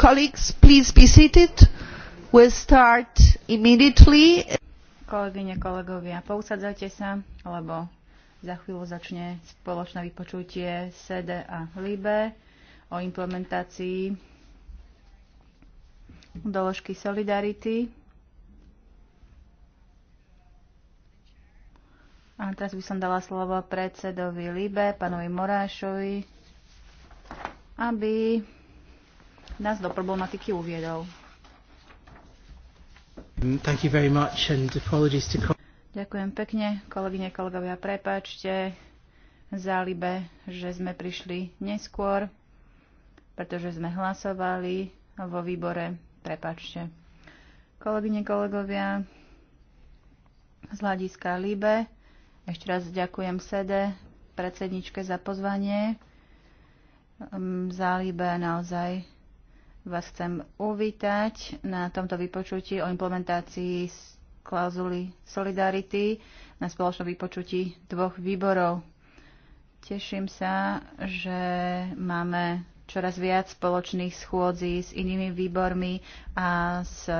Colleagues, please be seated. We'll start immediately. Kolegyne, kolegovia, pousadzajte sa, lebo za chvíľu začne spoločné vypočutie SEDE a LIBE o implementácii doložky Solidarity. A teraz by som dala slovo predsedovi Libe, pánovi Morášovi, aby nás do problematiky uviedol. Thank you very much and apologies to... Ďakujem pekne, kolegyne, kolegovia, prepáčte zálibe, že sme prišli neskôr, pretože sme hlasovali vo výbore. Prepačte. Kolegyne, kolegovia, z hľadiska Libe, ešte raz ďakujem Sede, predsedničke za pozvanie. Hm, zálibe naozaj vás chcem uvítať na tomto vypočutí o implementácii klauzuly Solidarity na spoločnom vypočutí dvoch výborov. Teším sa, že máme čoraz viac spoločných schôdzí s inými výbormi a s e,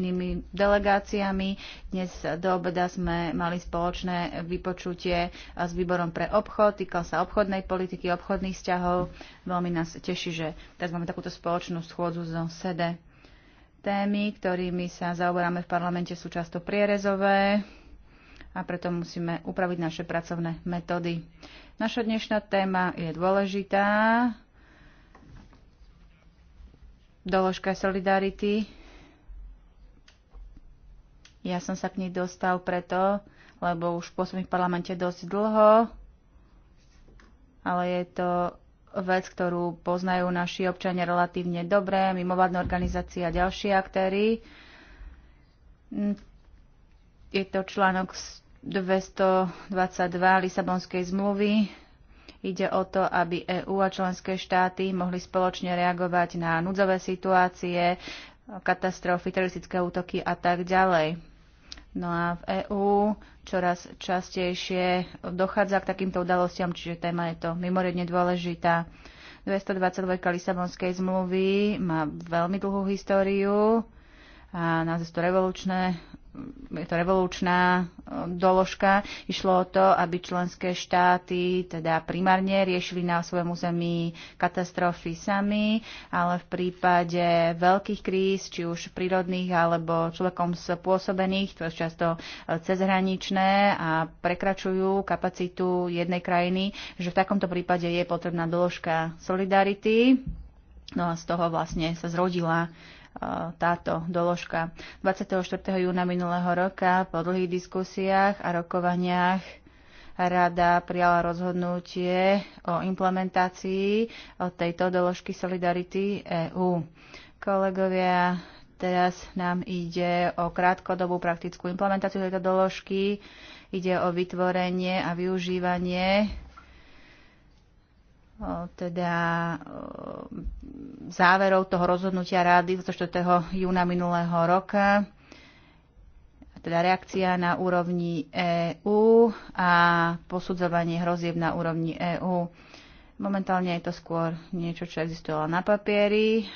inými delegáciami. Dnes do obeda sme mali spoločné vypočutie e, s výborom pre obchod, týkal sa obchodnej politiky, obchodných vzťahov. Veľmi nás teší, že teraz máme takúto spoločnú schôdzu zo SEDE. Témy, ktorými sa zaoberáme v parlamente, sú často prierezové a preto musíme upraviť naše pracovné metódy. Naša dnešná téma je dôležitá, doložka solidarity. Ja som sa k nej dostal preto, lebo už pôsobím v parlamente dosť dlho, ale je to vec, ktorú poznajú naši občania relatívne dobre, mimovládne organizácie a ďalší aktéry. Je to článok 222 Lisabonskej zmluvy, Ide o to, aby EÚ a členské štáty mohli spoločne reagovať na núdzové situácie, katastrofy, teroristické útoky a tak ďalej. No a v EÚ čoraz častejšie dochádza k takýmto udalostiam, čiže téma je to mimoriadne dôležitá. 222 Lisabonskej zmluvy má veľmi dlhú históriu a nás to revolučné je to revolučná e, doložka. Išlo o to, aby členské štáty teda primárne riešili na svojom území katastrofy sami, ale v prípade veľkých kríz, či už prírodných alebo človekom spôsobených, to je často e, cezhraničné a prekračujú kapacitu jednej krajiny, že v takomto prípade je potrebná doložka solidarity. No a z toho vlastne sa zrodila táto doložka. 24. júna minulého roka po dlhých diskusiách a rokovaniach Rada prijala rozhodnutie o implementácii tejto doložky Solidarity EU. Kolegovia, teraz nám ide o krátkodobú praktickú implementáciu tejto doložky. Ide o vytvorenie a využívanie teda záverov toho rozhodnutia rády zo 4. júna minulého roka, teda reakcia na úrovni EÚ a posudzovanie hrozieb na úrovni EÚ. Momentálne je to skôr niečo, čo existovalo na papieri.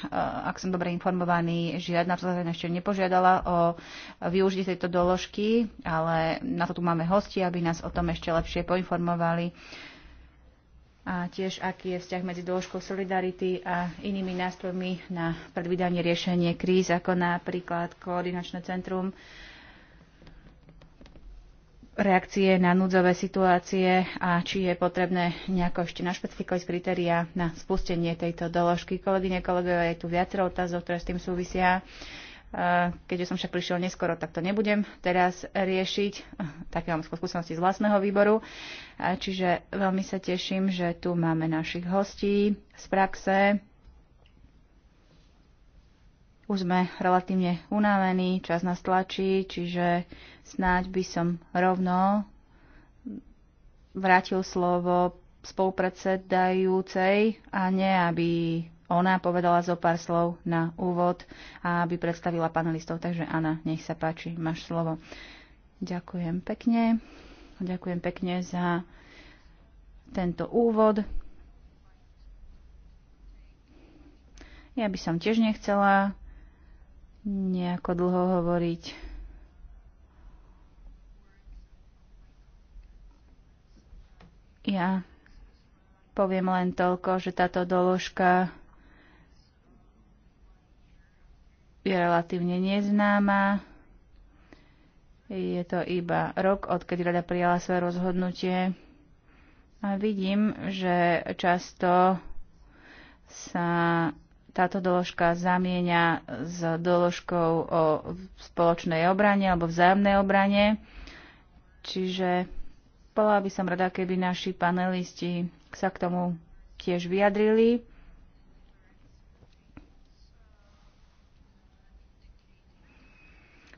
Ak som dobre informovaný, žiadna členka ešte nepožiadala o využitie tejto doložky, ale na to tu máme hosti, aby nás o tom ešte lepšie poinformovali a tiež aký je vzťah medzi dĺžkou solidarity a inými nástrojmi na predvídanie riešenie kríz, ako napríklad koordinačné centrum reakcie na núdzové situácie a či je potrebné nejako ešte našpecifikovať kritéria na spustenie tejto doložky. Kolegyne, kolegovia, je tu viacero otázok, ktoré s tým súvisia. Eh, keďže som však prišiel neskoro, tak to nebudem teraz riešiť. Eh, také mám skúsenosti z vlastného výboru. Eh, čiže veľmi sa teším, že tu máme našich hostí z praxe. Už sme relatívne unavení, čas nás tlačí, čiže snáď by som rovno vrátil slovo spolupredsedajúcej a ne, aby ona povedala zo pár slov na úvod, aby predstavila panelistov. Takže Anna, nech sa páči, máš slovo. Ďakujem pekne. Ďakujem pekne za tento úvod. Ja by som tiež nechcela nejako dlho hovoriť. Ja poviem len toľko, že táto doložka je relatívne neznáma. Je to iba rok, odkedy rada prijala svoje rozhodnutie. A vidím, že často sa táto doložka zamieňa s doložkou o spoločnej obrane alebo vzájomnej obrane. Čiže bola by som rada, keby naši panelisti sa k tomu tiež vyjadrili.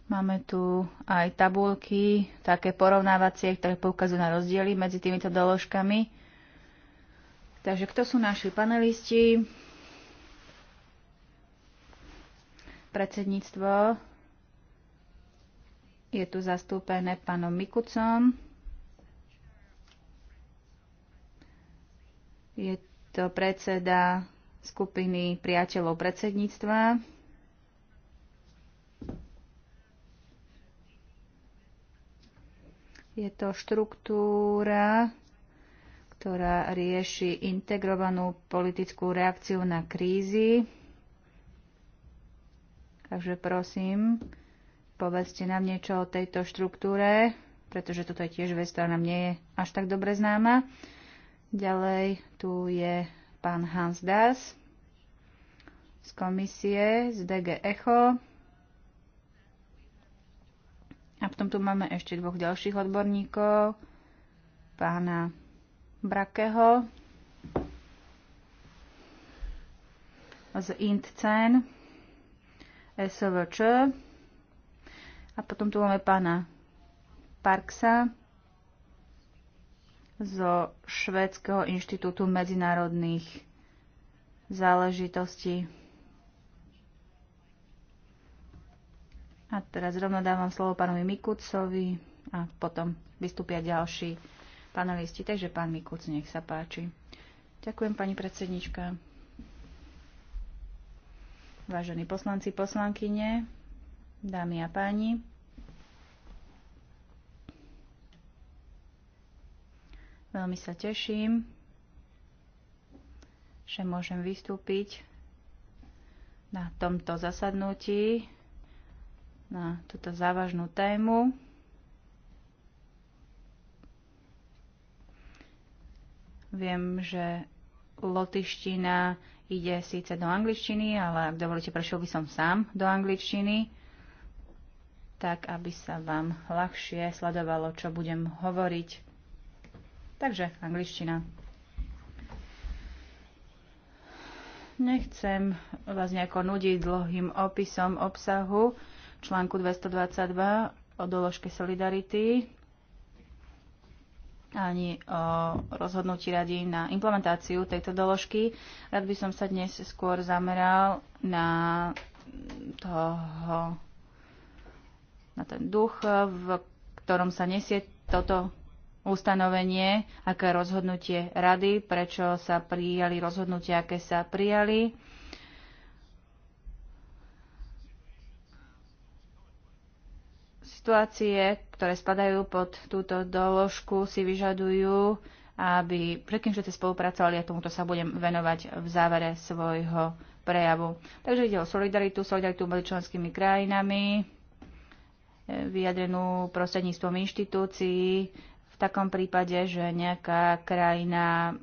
Máme tu aj tabulky, také porovnávacie, ktoré poukazujú na rozdiely medzi týmito doložkami. Takže kto sú naši panelisti? Predsedníctvo je tu zastúpené pánom Mikucom. Je to predseda skupiny priateľov predsedníctva. Je to štruktúra, ktorá rieši integrovanú politickú reakciu na krízy. Takže prosím, povedzte nám niečo o tejto štruktúre, pretože toto je tiež vec, ktorá nám nie je až tak dobre známa. Ďalej tu je pán Hans Das z komisie z DG Echo. A potom tu máme ešte dvoch ďalších odborníkov, pána Brakeho z Intcen, SVČ a potom tu máme pána Parksa zo Švédskeho inštitútu medzinárodných záležitostí. A teraz rovno dávam slovo pánovi Mikucovi a potom vystúpia ďalší panelisti. Takže pán Mikuc, nech sa páči. Ďakujem, pani predsednička. Vážení poslanci, poslankyne, dámy a páni. Veľmi sa teším, že môžem vystúpiť na tomto zasadnutí na túto závažnú tému. Viem, že lotiština ide síce do angličtiny, ale ak dovolíte, prešiel by som sám do angličtiny, tak aby sa vám ľahšie sledovalo, čo budem hovoriť. Takže angličtina. Nechcem vás nejako nudiť dlhým opisom obsahu, článku 222 o doložke Solidarity ani o rozhodnutí rady na implementáciu tejto doložky. Rád by som sa dnes skôr zameral na toho, na ten duch, v ktorom sa nesie toto ustanovenie, aké rozhodnutie rady, prečo sa prijali rozhodnutia, aké sa prijali Situácie, ktoré spadajú pod túto doložku, si vyžadujú, aby predtým všetci spolupracovali a tomuto sa budem venovať v závere svojho prejavu. Takže ide o solidaritu, solidaritu medzi členskými krajinami, vyjadrenú prostredníctvom inštitúcií, v takom prípade, že nejaká krajina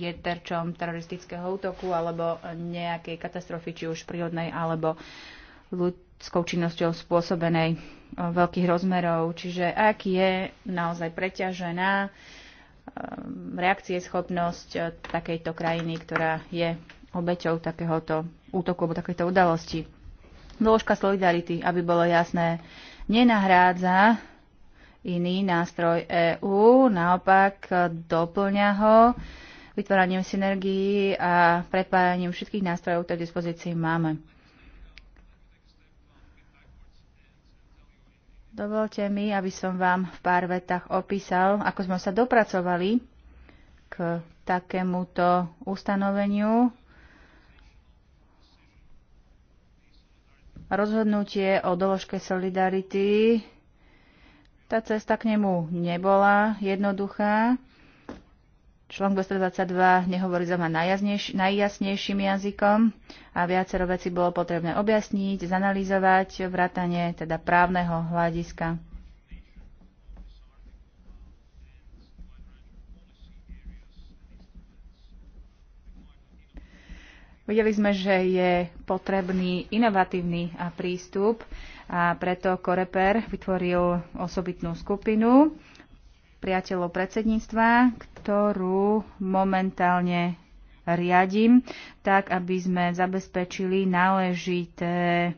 je terčom teroristického útoku alebo nejakej katastrofy, či už prírodnej alebo ekonomickou činnosťou spôsobenej e, veľkých rozmerov. Čiže ak je naozaj preťažená e, reakcieschopnosť e, takejto krajiny, ktorá je obeťou takéhoto útoku alebo takéto udalosti. Dĺžka solidarity, aby bolo jasné, nenahrádza iný nástroj EÚ, naopak doplňa ho vytváraním synergií a prepájaním všetkých nástrojov, ktoré k dispozícii máme. Dovolte mi, aby som vám v pár vetách opísal, ako sme sa dopracovali k takémuto ustanoveniu. Rozhodnutie o doložke solidarity, tá cesta k nemu nebola jednoduchá. Článok 222 nehovorí za ma najjasnejším jazykom a viacero veci bolo potrebné objasniť, zanalýzovať, vrátanie teda právneho hľadiska. Videli sme, že je potrebný inovatívny prístup a preto Koreper vytvoril osobitnú skupinu priateľov predsedníctva, ktorú momentálne riadím, tak aby sme zabezpečili náležité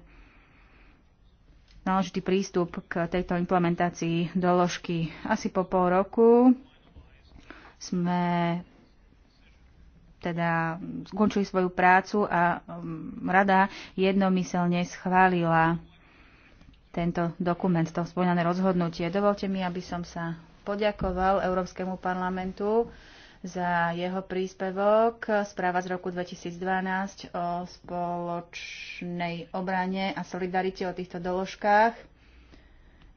náležitý prístup k tejto implementácii doložky. Asi po pol roku sme teda skončili svoju prácu a um, rada jednomyselne schválila tento dokument, to spomínané rozhodnutie. Dovolte mi, aby som sa poďakoval Európskemu parlamentu za jeho príspevok. Správa z roku 2012 o spoločnej obrane a solidarite o týchto doložkách.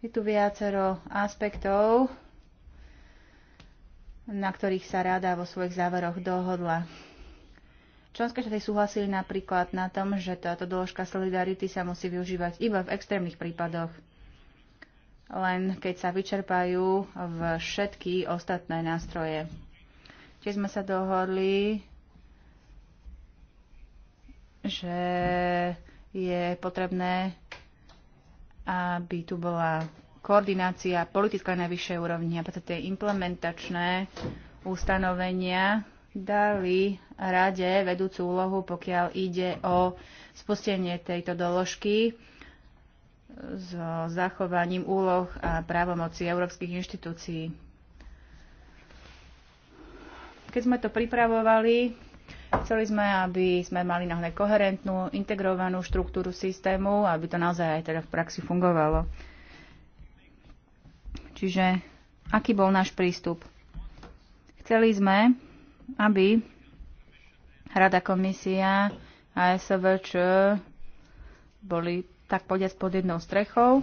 Je tu viacero aspektov, na ktorých sa rada vo svojich záveroch dohodla. Členské štáty súhlasili napríklad na tom, že táto doložka solidarity sa musí využívať iba v extrémnych prípadoch len keď sa vyčerpajú všetky ostatné nástroje. Tiež sme sa dohodli, že je potrebné, aby tu bola koordinácia politická na vyššej úrovni a preto tie implementačné ustanovenia dali rade vedúcu úlohu, pokiaľ ide o spustenie tejto doložky s zachovaním úloh a právomocí európskych inštitúcií. Keď sme to pripravovali, chceli sme, aby sme mali naozaj koherentnú, integrovanú štruktúru systému, aby to naozaj aj teda v praxi fungovalo. Čiže aký bol náš prístup? Chceli sme, aby Rada komisia a SVČ boli tak povediať pod jednou strechou.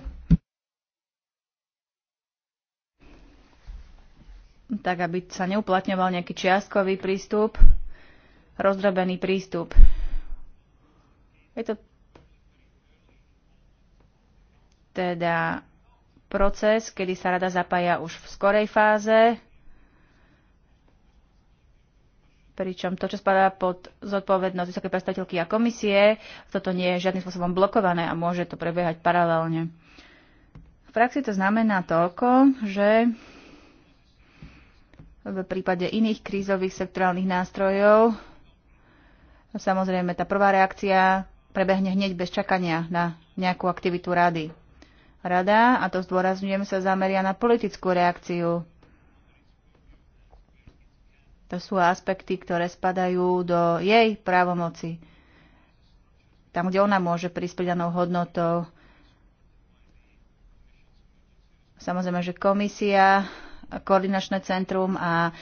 tak aby sa neuplatňoval nejaký čiastkový prístup, rozdrobený prístup. Je to teda proces, kedy sa rada zapája už v skorej fáze pričom to, čo spadá pod zodpovednosť vysokej predstaviteľky a komisie, toto nie je žiadnym spôsobom blokované a môže to prebiehať paralelne. V praxi to znamená toľko, že v prípade iných krízových sektorálnych nástrojov samozrejme tá prvá reakcia prebehne hneď bez čakania na nejakú aktivitu rady. Rada, a to zdôrazňujem, sa zameria na politickú reakciu to sú aspekty, ktoré spadajú do jej právomoci. Tam, kde ona môže prispieť danou hodnotou. Samozrejme, že komisia, koordinačné centrum a e,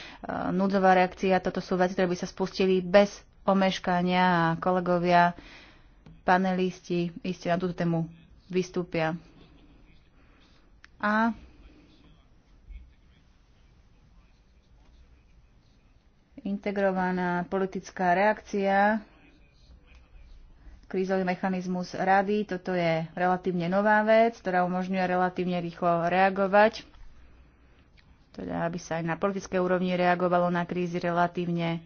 núdzová reakcia, toto sú veci, ktoré by sa spustili bez omeškania a kolegovia, panelisti iste na túto tému vystúpia. A integrovaná politická reakcia, krízový mechanizmus rady. Toto je relatívne nová vec, ktorá umožňuje relatívne rýchlo reagovať, teda aby sa aj na politickej úrovni reagovalo na krízy relatívne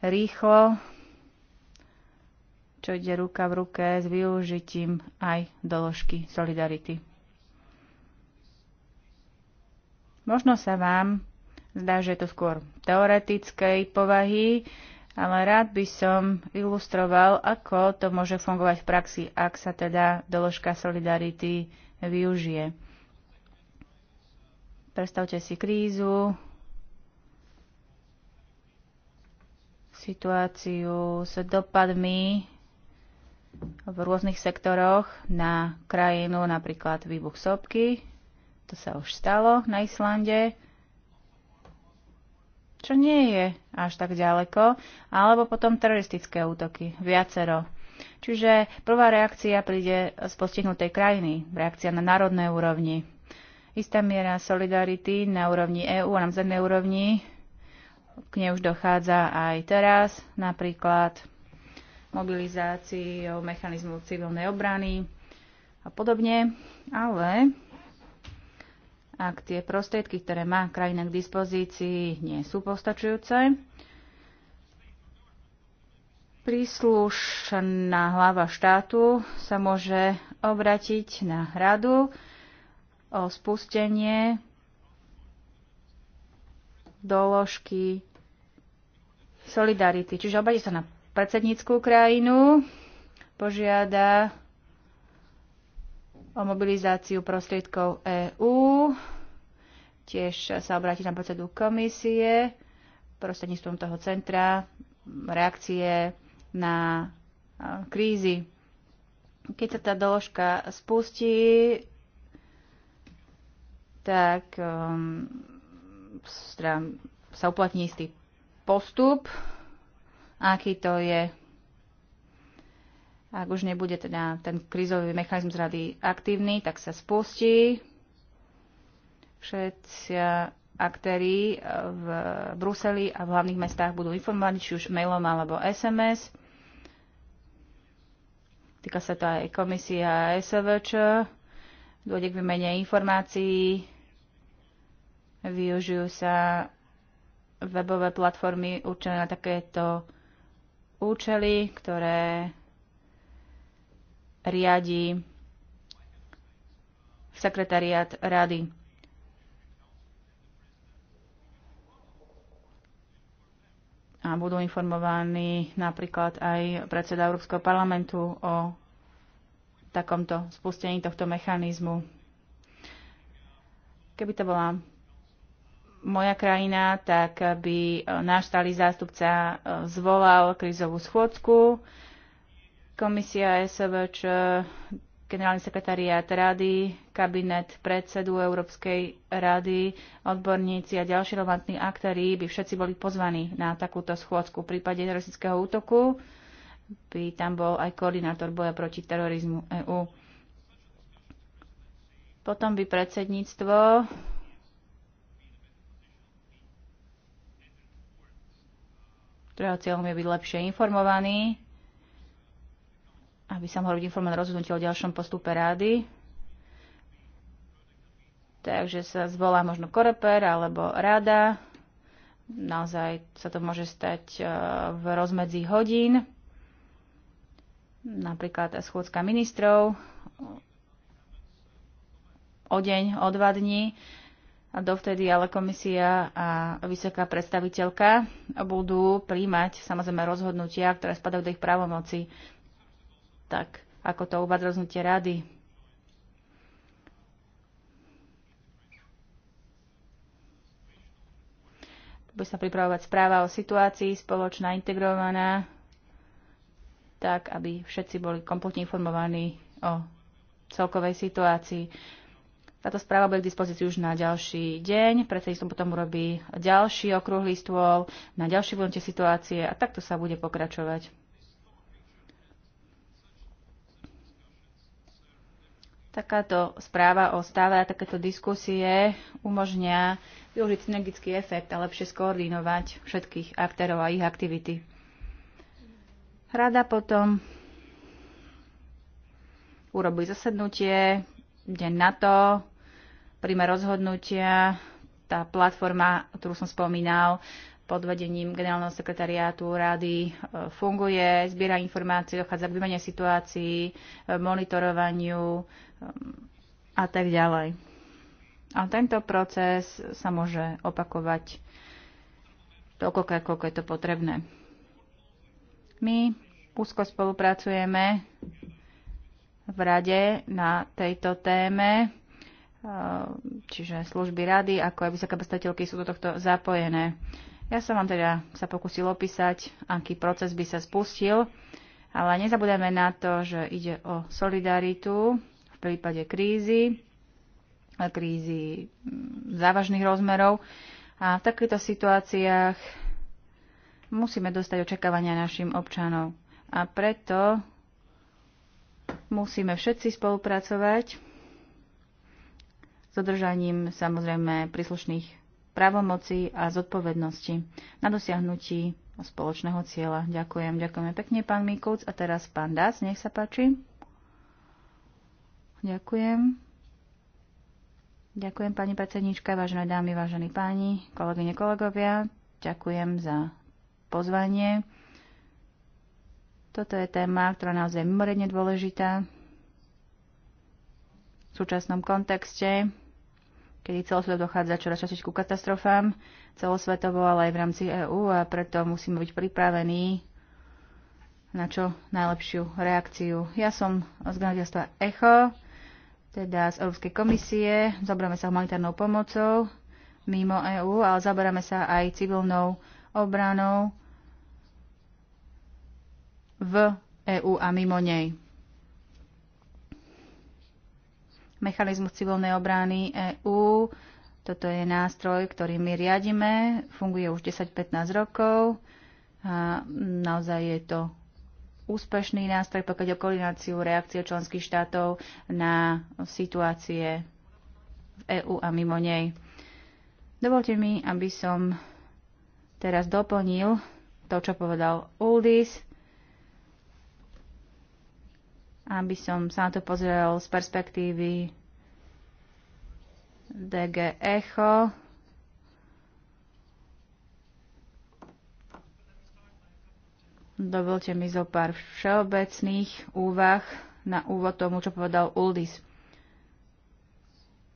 rýchlo, čo ide ruka v ruke s využitím aj doložky solidarity. Možno sa vám zdá, že je to skôr teoretickej povahy, ale rád by som ilustroval, ako to môže fungovať v praxi, ak sa teda doložka solidarity využije. Predstavte si krízu, situáciu s dopadmi v rôznych sektoroch na krajinu, napríklad výbuch sopky, to sa už stalo na Islande, čo nie je až tak ďaleko, alebo potom teroristické útoky, viacero. Čiže prvá reakcia príde z postihnutej krajiny, reakcia na národnej úrovni. Istá miera solidarity na úrovni EÚ a na zemnej úrovni, k nej už dochádza aj teraz, napríklad mobilizáciou mechanizmu civilnej obrany a podobne, ale ak tie prostriedky, ktoré má krajina k dispozícii, nie sú postačujúce. Príslušná hlava štátu sa môže obratiť na radu o spustenie doložky solidarity. Čiže obadí sa na predsedníckú krajinu, požiada o mobilizáciu prostriedkov EÚ. Tiež sa obráti na predsedu komisie prostredníctvom toho centra reakcie na krízy. Keď sa tá doložka spustí, tak um, sa uplatní istý postup, aký to je ak už nebude teda ten krízový mechanizmus rady aktívny, tak sa spustí. Všetci aktéry eh, v Bruseli a v hlavných mestách budú informovaní, či už mailom alebo SMS. Týka sa to aj komisie a SVČ. Dôjde k vymene informácií. Využijú sa webové platformy určené na takéto účely, ktoré riadi sekretariat rady. A budú informovaní napríklad aj predseda Európskeho parlamentu o takomto spustení tohto mechanizmu. Keby to bola moja krajina, tak by e, náš stály zástupca e, zvolal krizovú schôdku, Komisia SVČ, generálny sekretariát rady, kabinet predsedu Európskej rady, odborníci a ďalší relevantní aktéry by všetci boli pozvaní na takúto schôdzku. V prípade teroristického útoku by tam bol aj koordinátor boja proti terorizmu EÚ. Potom by predsedníctvo ktorého cieľom je byť lepšie informovaný aby sa mohlo byť informované rozhodnutie o ďalšom postupe rády. Takže sa zvolá možno koreper alebo rada. Naozaj sa to môže stať e, v rozmedzi hodín. Napríklad schôdzka ministrov o deň, o dva dní. A dovtedy ale komisia a vysoká predstaviteľka budú príjmať samozrejme rozhodnutia, ktoré spadajú do ich právomoci tak ako to uvádza rozhodnutie rady. Bude sa pripravovať správa o situácii, spoločná, integrovaná, tak aby všetci boli kompletne informovaní o celkovej situácii. Táto správa bude k dispozícii už na ďalší deň, predsedníctvo potom urobí ďalší okrúhly stôl na ďalšie vlnte situácie a takto sa bude pokračovať. Takáto správa o stave a takéto diskusie umožňa využiť synergický efekt a lepšie skoordinovať všetkých aktérov a ich aktivity. Rada potom urobí zasadnutie, deň na to, príjme rozhodnutia, tá platforma, ktorú som spomínal, pod vedením generálneho sekretariátu rady e, funguje, zbiera informácie, dochádza k vymene situácií, e, monitorovaniu e, a tak ďalej. A tento proces sa môže opakovať toľko, koľko je to potrebné. My úzko spolupracujeme v rade na tejto téme, čiže služby rady, ako aj vysoké predstaviteľky sú do tohto zapojené. Ja som vám teda sa pokusil opísať, aký proces by sa spustil, ale nezabudeme na to, že ide o solidaritu v prípade krízy, krízy mm, závažných rozmerov. A v takýchto situáciách musíme dostať očakávania našim občanov. A preto musíme všetci spolupracovať s dodržaním samozrejme príslušných právomoci a zodpovednosti na dosiahnutí spoločného cieľa. Ďakujem, ďakujeme pekne, pán Mikulc. A teraz pán Dás, nech sa páči. Ďakujem. Ďakujem, pani predsednička, vážené dámy, vážení páni, kolegyne, kolegovia. Ďakujem za pozvanie. Toto je téma, ktorá naozaj je mimoriadne dôležitá v súčasnom kontexte kedy celosvetovo dochádza čoraz častejšie ku katastrofám, celosvetovo, ale aj v rámci EÚ a preto musíme byť pripravení na čo najlepšiu reakciu. Ja som z Gnadiastva ECHO, teda z Európskej komisie. Zabráme sa humanitárnou pomocou mimo EÚ, ale zaberáme sa aj civilnou obranou v EÚ a mimo nej. mechanizmus civilnej obrany EÚ. Toto je nástroj, ktorý my riadime, funguje už 10-15 rokov a naozaj je to úspešný nástroj, pokiaľ o koordináciu reakcie členských štátov na situácie v EÚ a mimo nej. Dovolte mi, aby som teraz doplnil to, čo povedal Uldis aby som sa na to pozrel z perspektívy DG Echo. Dovolte mi zo pár všeobecných úvah na úvod tomu, čo povedal Uldis.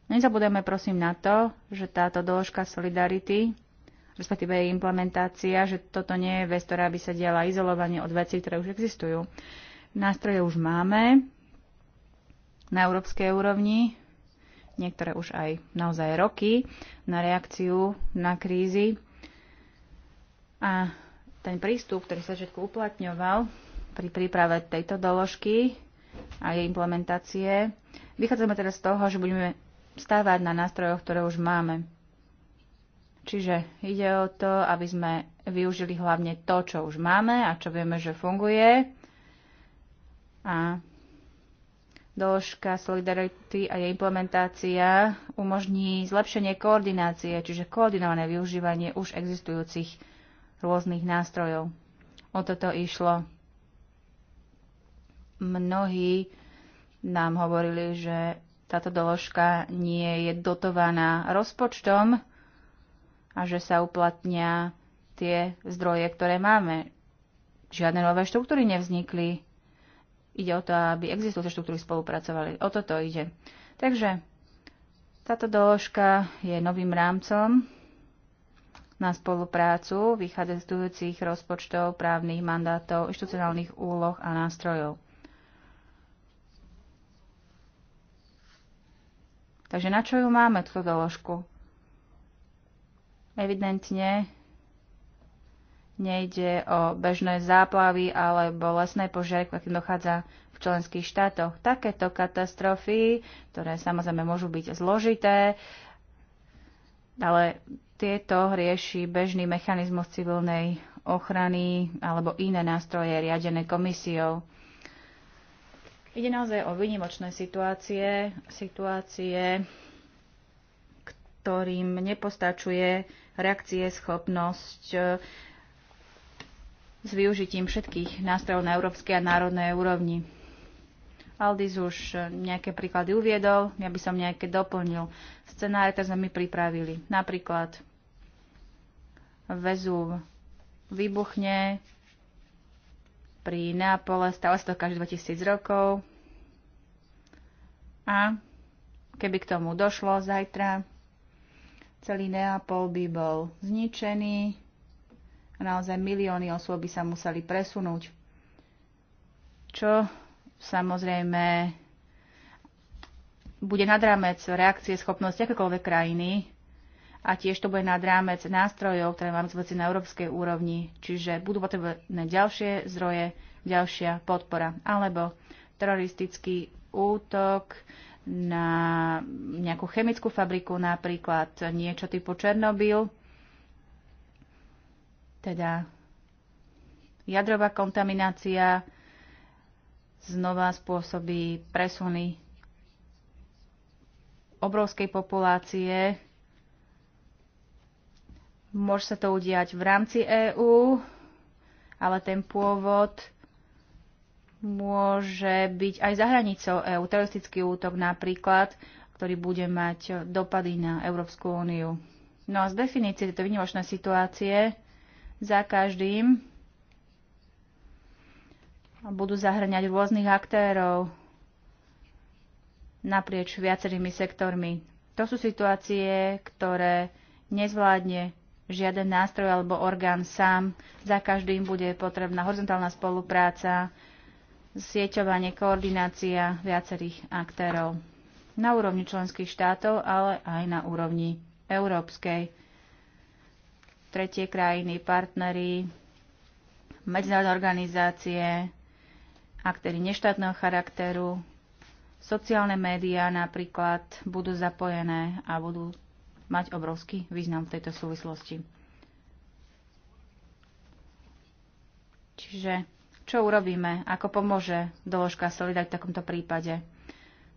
Nezabudeme prosím na to, že táto doložka solidarity, respektíve jej implementácia, že toto nie je vec, ktorá by sa diala izolovanie od vecí, ktoré už existujú. Nástroje už máme na európskej úrovni, niektoré už aj naozaj roky, na reakciu na krízy. A ten prístup, ktorý sa všetko uplatňoval pri príprave tejto doložky a jej implementácie, vychádzame teraz z toho, že budeme stávať na nástrojoch, ktoré už máme. Čiže ide o to, aby sme využili hlavne to, čo už máme a čo vieme, že funguje a doložka solidarity a jej implementácia umožní zlepšenie koordinácie, čiže koordinované využívanie už existujúcich rôznych nástrojov. O toto išlo. Mnohí nám hovorili, že táto doložka nie je dotovaná rozpočtom a že sa uplatnia tie zdroje, ktoré máme. Žiadne nové štruktúry nevznikli Ide o to, aby existujúce štruktúry spolupracovali. O toto ide. Takže táto doložka je novým rámcom na spoluprácu vychádzajúcich rozpočtov, právnych mandátov, inštitucionálnych úloh a nástrojov. Takže na čo ju máme, túto doložku? Evidentne Nejde o bežné záplavy alebo lesné požiary, ktorým dochádza v členských štátoch. Takéto katastrofy, ktoré samozrejme môžu byť zložité, ale tieto rieši bežný mechanizmus civilnej ochrany alebo iné nástroje riadené komisiou. Ide naozaj o vynimočné situácie, situácie, ktorým nepostačuje reakcie schopnosť s využitím všetkých nástrojov na európskej a národnej úrovni. Aldis už e, nejaké príklady uviedol, ja by som nejaké doplnil. Scenáre, ktoré sme my pripravili. Napríklad väzu vybuchne pri Neapole, stále sa to každých 2000 rokov. A keby k tomu došlo zajtra, celý Neapol by bol zničený, a naozaj milióny osôb by sa museli presunúť. Čo samozrejme bude nad rámec reakcie schopnosti akékoľvek krajiny a tiež to bude nad rámec nástrojov, ktoré máme zvedci na európskej úrovni, čiže budú potrebné ďalšie zdroje, ďalšia podpora. Alebo teroristický útok, na nejakú chemickú fabriku, napríklad niečo typu Černobyl, teda jadrová kontaminácia znova spôsobí presuny obrovskej populácie. Môže sa to udiať v rámci EÚ, ale ten pôvod môže byť aj za hranicou EÚ. Teroristický útok napríklad, ktorý bude mať dopady na Európsku úniu. No a z definície tejto vynimočnej situácie za každým budú zahrňať rôznych aktérov naprieč viacerými sektormi. To sú situácie, ktoré nezvládne žiaden nástroj alebo orgán sám. Za každým bude potrebná horizontálna spolupráca, sieťovanie, koordinácia viacerých aktérov na úrovni členských štátov, ale aj na úrovni európskej tretie krajiny, partnery, medzinárodné organizácie, aktéry neštátneho charakteru, sociálne médiá napríklad budú zapojené a budú mať obrovský význam v tejto súvislosti. Čiže čo urobíme? Ako pomôže doložka Solidarity v takomto prípade?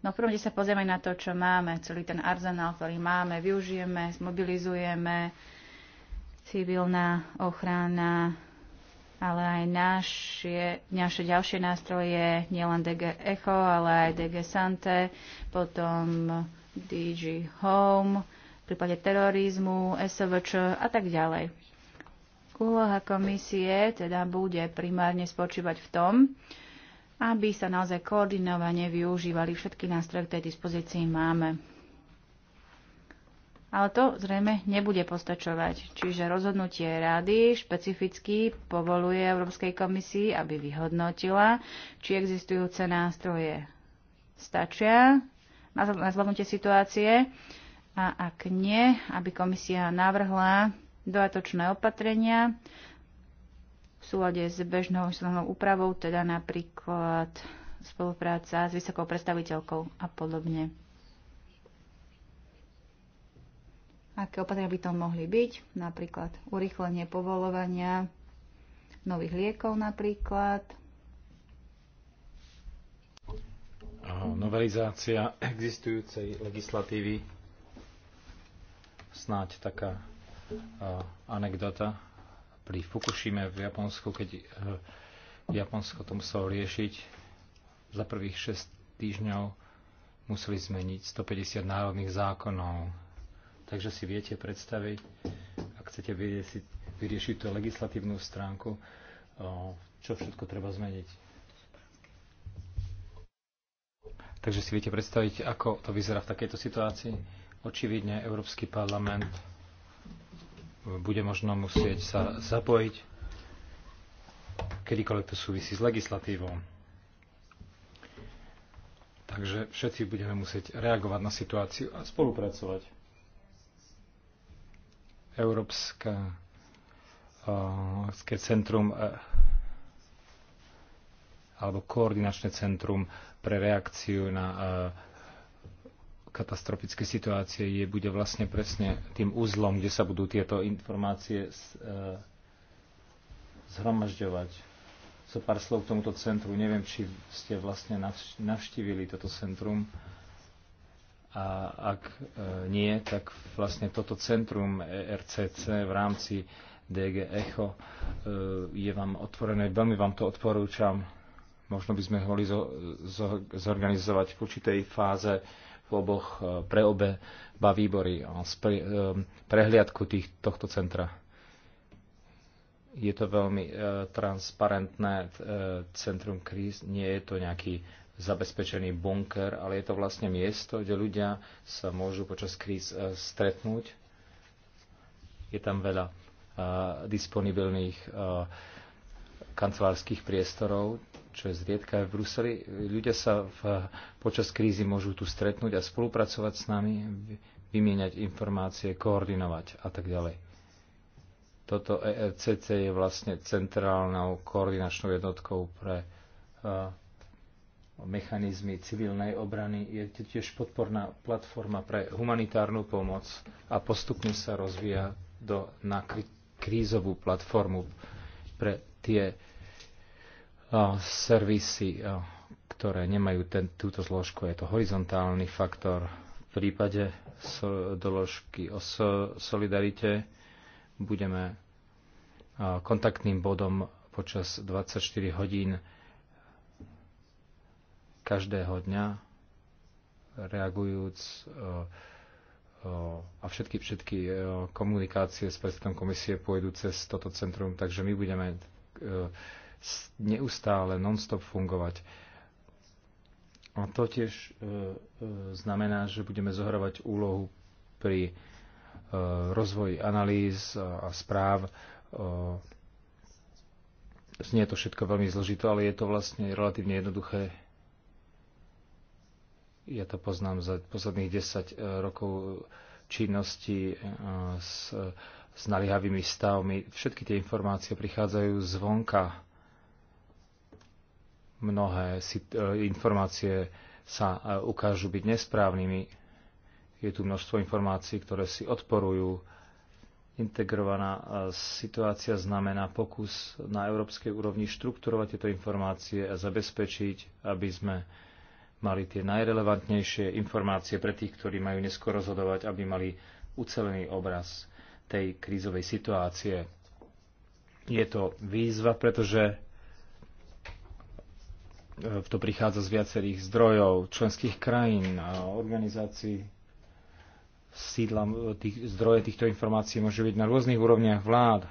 No prvom sa pozrieme na to, čo máme, celý ten arzenál, ktorý máme, využijeme, zmobilizujeme, civilná ochrana, ale aj našie, naše ďalšie nástroje, nielen DG Echo, ale aj DG Sante, potom DG Home, v prípade terorizmu, SVČ a tak ďalej. Úloha komisie teda bude primárne spočívať v tom, aby sa naozaj koordinovane využívali všetky nástroje, ktoré k tej dispozícii máme. Ale to zrejme nebude postačovať. Čiže rozhodnutie rady špecificky povoluje Európskej komisii, aby vyhodnotila, či existujúce nástroje stačia na zvládnutie situácie a ak nie, aby komisia navrhla dodatočné opatrenia v súlade s bežnou ústavnou úpravou, teda napríklad spolupráca s vysokou predstaviteľkou a podobne. aké opatrenia by to mohli byť, napríklad urýchlenie povolovania nových liekov napríklad. Novelizácia existujúcej legislatívy snáď taká anekdota pri Fukushime v Japonsku, keď e, Japonsko to muselo riešiť za prvých 6 týždňov museli zmeniť 150 národných zákonov Takže si viete predstaviť, ak chcete vyriešiť, vyriešiť tú legislatívnu stránku, čo všetko treba zmeniť. Takže si viete predstaviť, ako to vyzerá v takejto situácii. Očividne Európsky parlament bude možno musieť sa zapojiť, kedykoľvek to súvisí s legislatívou. Takže všetci budeme musieť reagovať na situáciu a spolupracovať. Európska eh, centrum eh, alebo koordinačné centrum pre reakciu na eh, katastrofické situácie je, bude vlastne presne tým úzlom, kde sa budú tieto informácie zhromažďovať. So pár slov k tomuto centru. Neviem, či ste vlastne navštívili toto centrum. A ak e, nie, tak vlastne toto centrum ERCC v rámci DG Echo e, je vám otvorené. Veľmi vám to odporúčam. Možno by sme mohli zorganizovať v určitej fáze v oboch, e, pre obe ba výbory prehliadku tých, tohto centra. Je to veľmi transparentné centrum kríz, nie je to nejaký zabezpečený bunker, ale je to vlastne miesto, kde ľudia sa môžu počas kríz e, stretnúť. Je tam veľa e, disponibilných e, kancelárskych priestorov, čo je zriedka v Bruseli. Ľudia sa v, počas krízy môžu tu stretnúť a spolupracovať s nami, vymieňať informácie, koordinovať a tak ďalej. Toto ERCC je vlastne centrálnou koordinačnou jednotkou pre uh, mechanizmy civilnej obrany. Je to tiež podporná platforma pre humanitárnu pomoc a postupne sa rozvíja do, na krízovú platformu pre tie uh, servisy, uh, ktoré nemajú ten, túto zložku. Je to horizontálny faktor. V prípade so, doložky o so, solidarite budeme uh, kontaktným bodom počas 24 hodín každého dňa, reagujúc eh, eh, a všetky, všetky eh, komunikácie s predsedom komisie pôjdu cez toto centrum, takže my budeme neustále, non-stop fungovať. A to tiež znamená, že budeme zohrávať úlohu pri rozvoji analýz a správ. Znie to všetko veľmi zložito, ale je to vlastne relatívne jednoduché ja to poznám za posledných 10 e, rokov činnosti e, s, e, s naliehavými stavmi. Všetky tie informácie prichádzajú zvonka. Mnohé si, informácie sa ukážu byť nesprávnymi. Je tu množstvo informácií, ktoré si odporujú. Integrovaná situácia znamená pokus na európskej úrovni štrukturovať tieto informácie a zabezpečiť, aby sme mali tie najrelevantnejšie informácie pre tých, ktorí majú neskôr rozhodovať, aby mali ucelený obraz tej krízovej situácie. Je to výzva, pretože e, to prichádza z viacerých zdrojov, členských krajín a organizácií. Sídla, tých, zdroje týchto informácií môže byť na rôznych úrovniach vlád.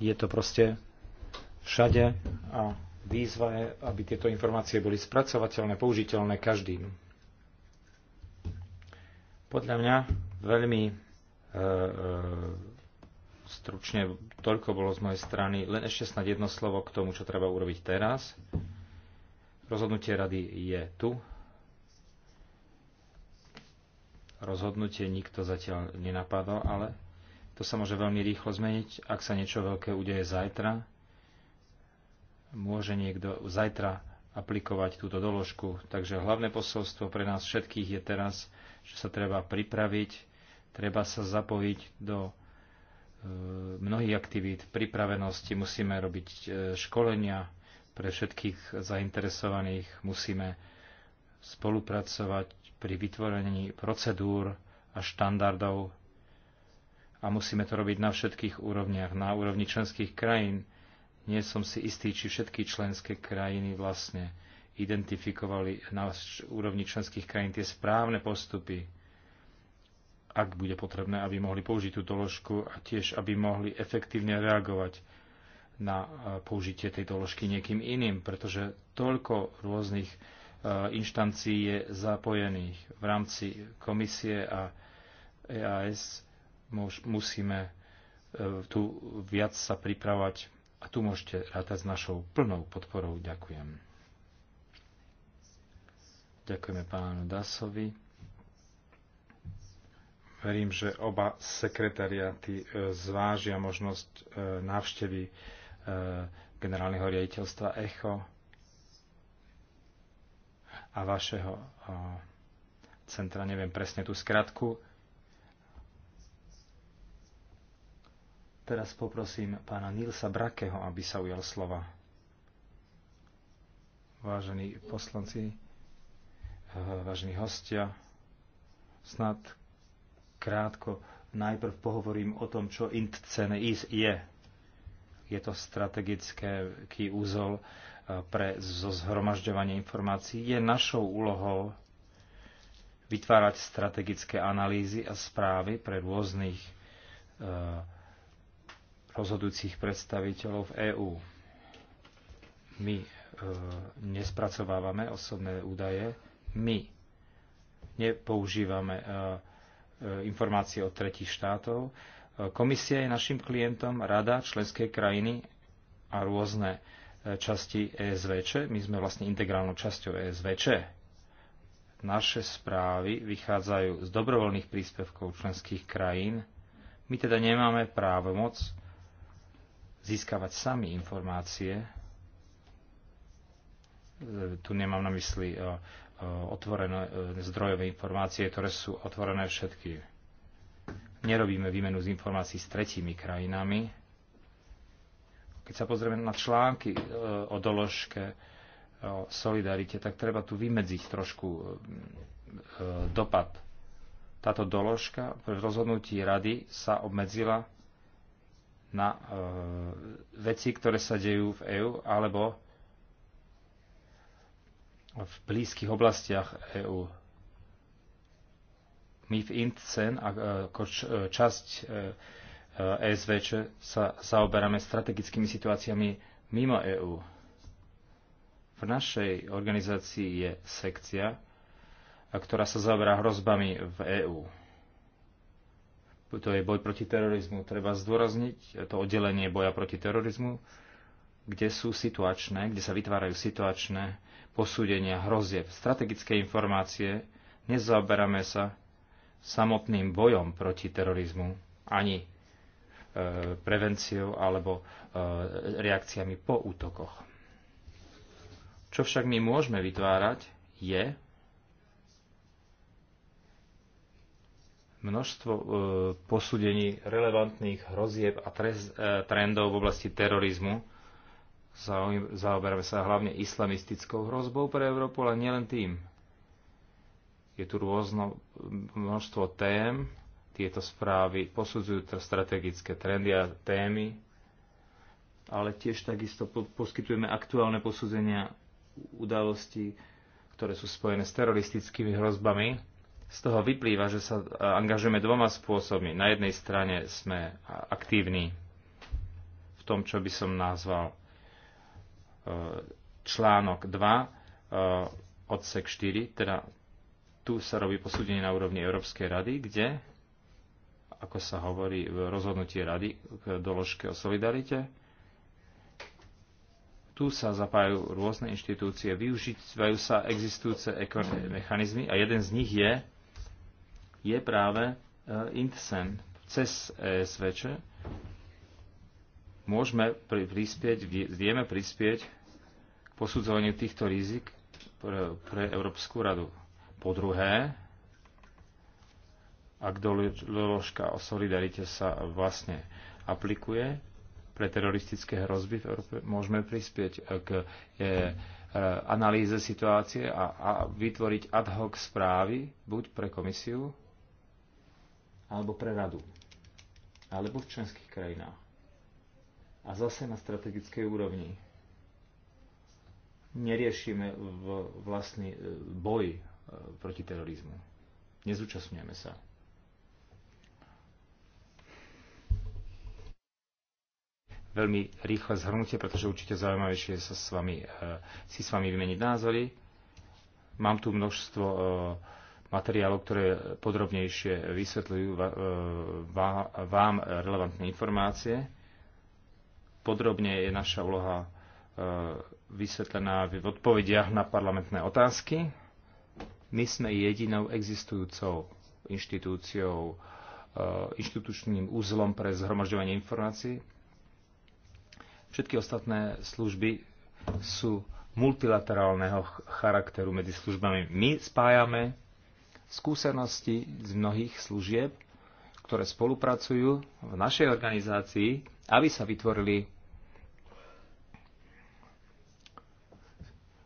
Je to proste všade a Výzva je, aby tieto informácie boli spracovateľné, použiteľné každým. Podľa mňa veľmi e, e, stručne toľko bolo z mojej strany. Len ešte snad jedno slovo k tomu, čo treba urobiť teraz. Rozhodnutie rady je tu. Rozhodnutie nikto zatiaľ nenapadol, ale to sa môže veľmi rýchlo zmeniť, ak sa niečo veľké udeje zajtra môže niekto zajtra aplikovať túto doložku. Takže hlavné posolstvo pre nás všetkých je teraz, že sa treba pripraviť, treba sa zapojiť do e, mnohých aktivít, pripravenosti, musíme robiť e, školenia pre všetkých zainteresovaných, musíme spolupracovať pri vytvorení procedúr a štandardov a musíme to robiť na všetkých úrovniach, na úrovni členských krajín, nie som si istý, či všetky členské krajiny vlastne identifikovali na úrovni členských krajín tie správne postupy, ak bude potrebné, aby mohli použiť tú ložku a tiež, aby mohli efektívne reagovať na e, použitie tej doložky niekým iným, pretože toľko rôznych e, inštancií je zapojených v rámci komisie a EAS musíme e, tu viac sa pripravať a tu môžete rátať s našou plnou podporou. Ďakujem. Ďakujeme pánu Dasovi. Verím, že oba sekretariaty e, zvážia možnosť e, návštevy e, generálneho riaditeľstva ECHO a vašeho centra, neviem presne tú skratku, Teraz poprosím pána Nilsa Brakeho, aby sa ujal slova. Vážení poslanci, eh, vážení hostia, snad krátko najprv pohovorím o tom, čo is je. Je to strategický úzol eh, pre zhromažďovanie informácií. Je našou úlohou vytvárať strategické analýzy a správy pre rôznych eh, rozhodujúcich predstaviteľov v EÚ. My e, nespracovávame osobné údaje, my nepoužívame e, e informácie od tretich štátov. E, Komisia je našim klientom, rada, členské krajiny a rôzne e, časti ESVČ. My sme vlastne integrálnou časťou ESVČ. Naše správy vychádzajú z dobrovoľných príspevkov členských krajín. My teda nemáme právomoc získavať sami informácie. E, tu nemám na mysli e, e, otvorené zdrojové informácie, ktoré sú otvorené všetky. Nerobíme výmenu z informácií s tretími krajinami. Keď sa pozrieme na články o doložke o solidarite, tak treba tu vymedziť trošku dopad. Táto doložka pre rozhodnutí rady sa obmedzila na e, veci, ktoré sa dejú v EÚ alebo v blízkych oblastiach EÚ. My v INTCEN e, ako e, časť ESVČ e, sa zaoberáme strategickými situáciami mimo EÚ. V našej organizácii je sekcia, ktorá sa zaoberá hrozbami v EÚ to je boj proti terorizmu. Treba zdôrazniť to oddelenie boja proti terorizmu, kde sú situačné, kde sa vytvárajú situačné posúdenia hrozieb, strategické informácie. Nezaoberáme sa samotným bojom proti terorizmu, ani e, prevenciou alebo e, reakciami po útokoch. Čo však my môžeme vytvárať, je množstvo e, posúdení relevantných hrozieb a trez, e, trendov v oblasti terorizmu. Zaoberáme sa hlavne islamistickou hrozbou pre Európu, ale nielen tým. Je tu rôzno množstvo tém, tieto správy posudzujú strategické trendy a témy, ale tiež takisto poskytujeme aktuálne posúdenia udalostí, ktoré sú spojené s teroristickými hrozbami, z toho vyplýva, že sa e, angažujeme dvoma spôsobmi. Na jednej strane sme aktívni v tom, čo by som nazval e, článok 2, e, odsek 4, teda tu sa robí posúdenie na úrovni Európskej rady, kde, ako sa hovorí v rozhodnutí rady k doložke o solidarite, tu sa zapájajú rôzne inštitúcie, využívajú sa existujúce mechanizmy a jeden z nich je je práve e, INTSEN cez ESVČ. Môžeme prispieť, vieme prispieť k posudzovaniu týchto rizik pre, pre Európsku radu. Po druhé, ak doložka o solidarite sa vlastne aplikuje pre teroristické hrozby v Európe, môžeme prispieť k e, e, analýze situácie a, a vytvoriť ad hoc správy buď pre komisiu alebo pre radu, alebo v členských krajinách. A zase na strategickej úrovni. Neriešime vlastný e, boj e, proti terorizmu. Nezúčastňujeme sa. Veľmi rýchle zhrnutie, pretože určite zaujímavejšie sa s vami, e, si s vami vymeniť názory. Mám tu množstvo materiálov, ktoré podrobnejšie vysvetľujú e, vám relevantné informácie. Podrobne je naša úloha e, vysvetlená v odpovediach na parlamentné otázky. My sme jedinou existujúcou inštitúciou, e, inštitučným úzlom pre zhromažďovanie informácií. Všetky ostatné služby sú multilaterálneho charakteru medzi službami. My spájame skúsenosti z mnohých služieb, ktoré spolupracujú v našej organizácii, aby sa vytvorili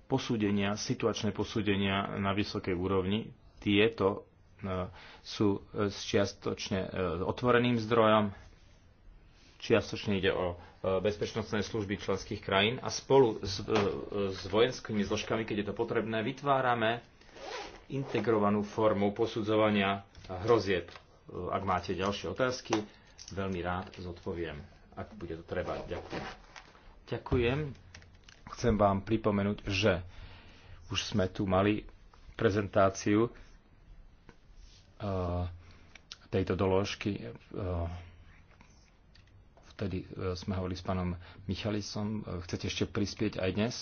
posúdenia, situačné posúdenia na vysokej úrovni. Tieto e, sú e, čiastočne e, otvoreným zdrojom, čiastočne ide o bezpečnostné služby členských krajín a spolu s, s vojenskými zložkami, keď je to potrebné, vytvárame integrovanú formu posudzovania hrozieb. Ak máte ďalšie otázky, veľmi rád zodpoviem, ak bude to treba. Ďakujem. Ďakujem. Chcem vám pripomenúť, že už sme tu mali prezentáciu e, tejto doložky. E, vtedy e, sme hovorili s pánom Michalisom. Chcete ešte prispieť aj dnes?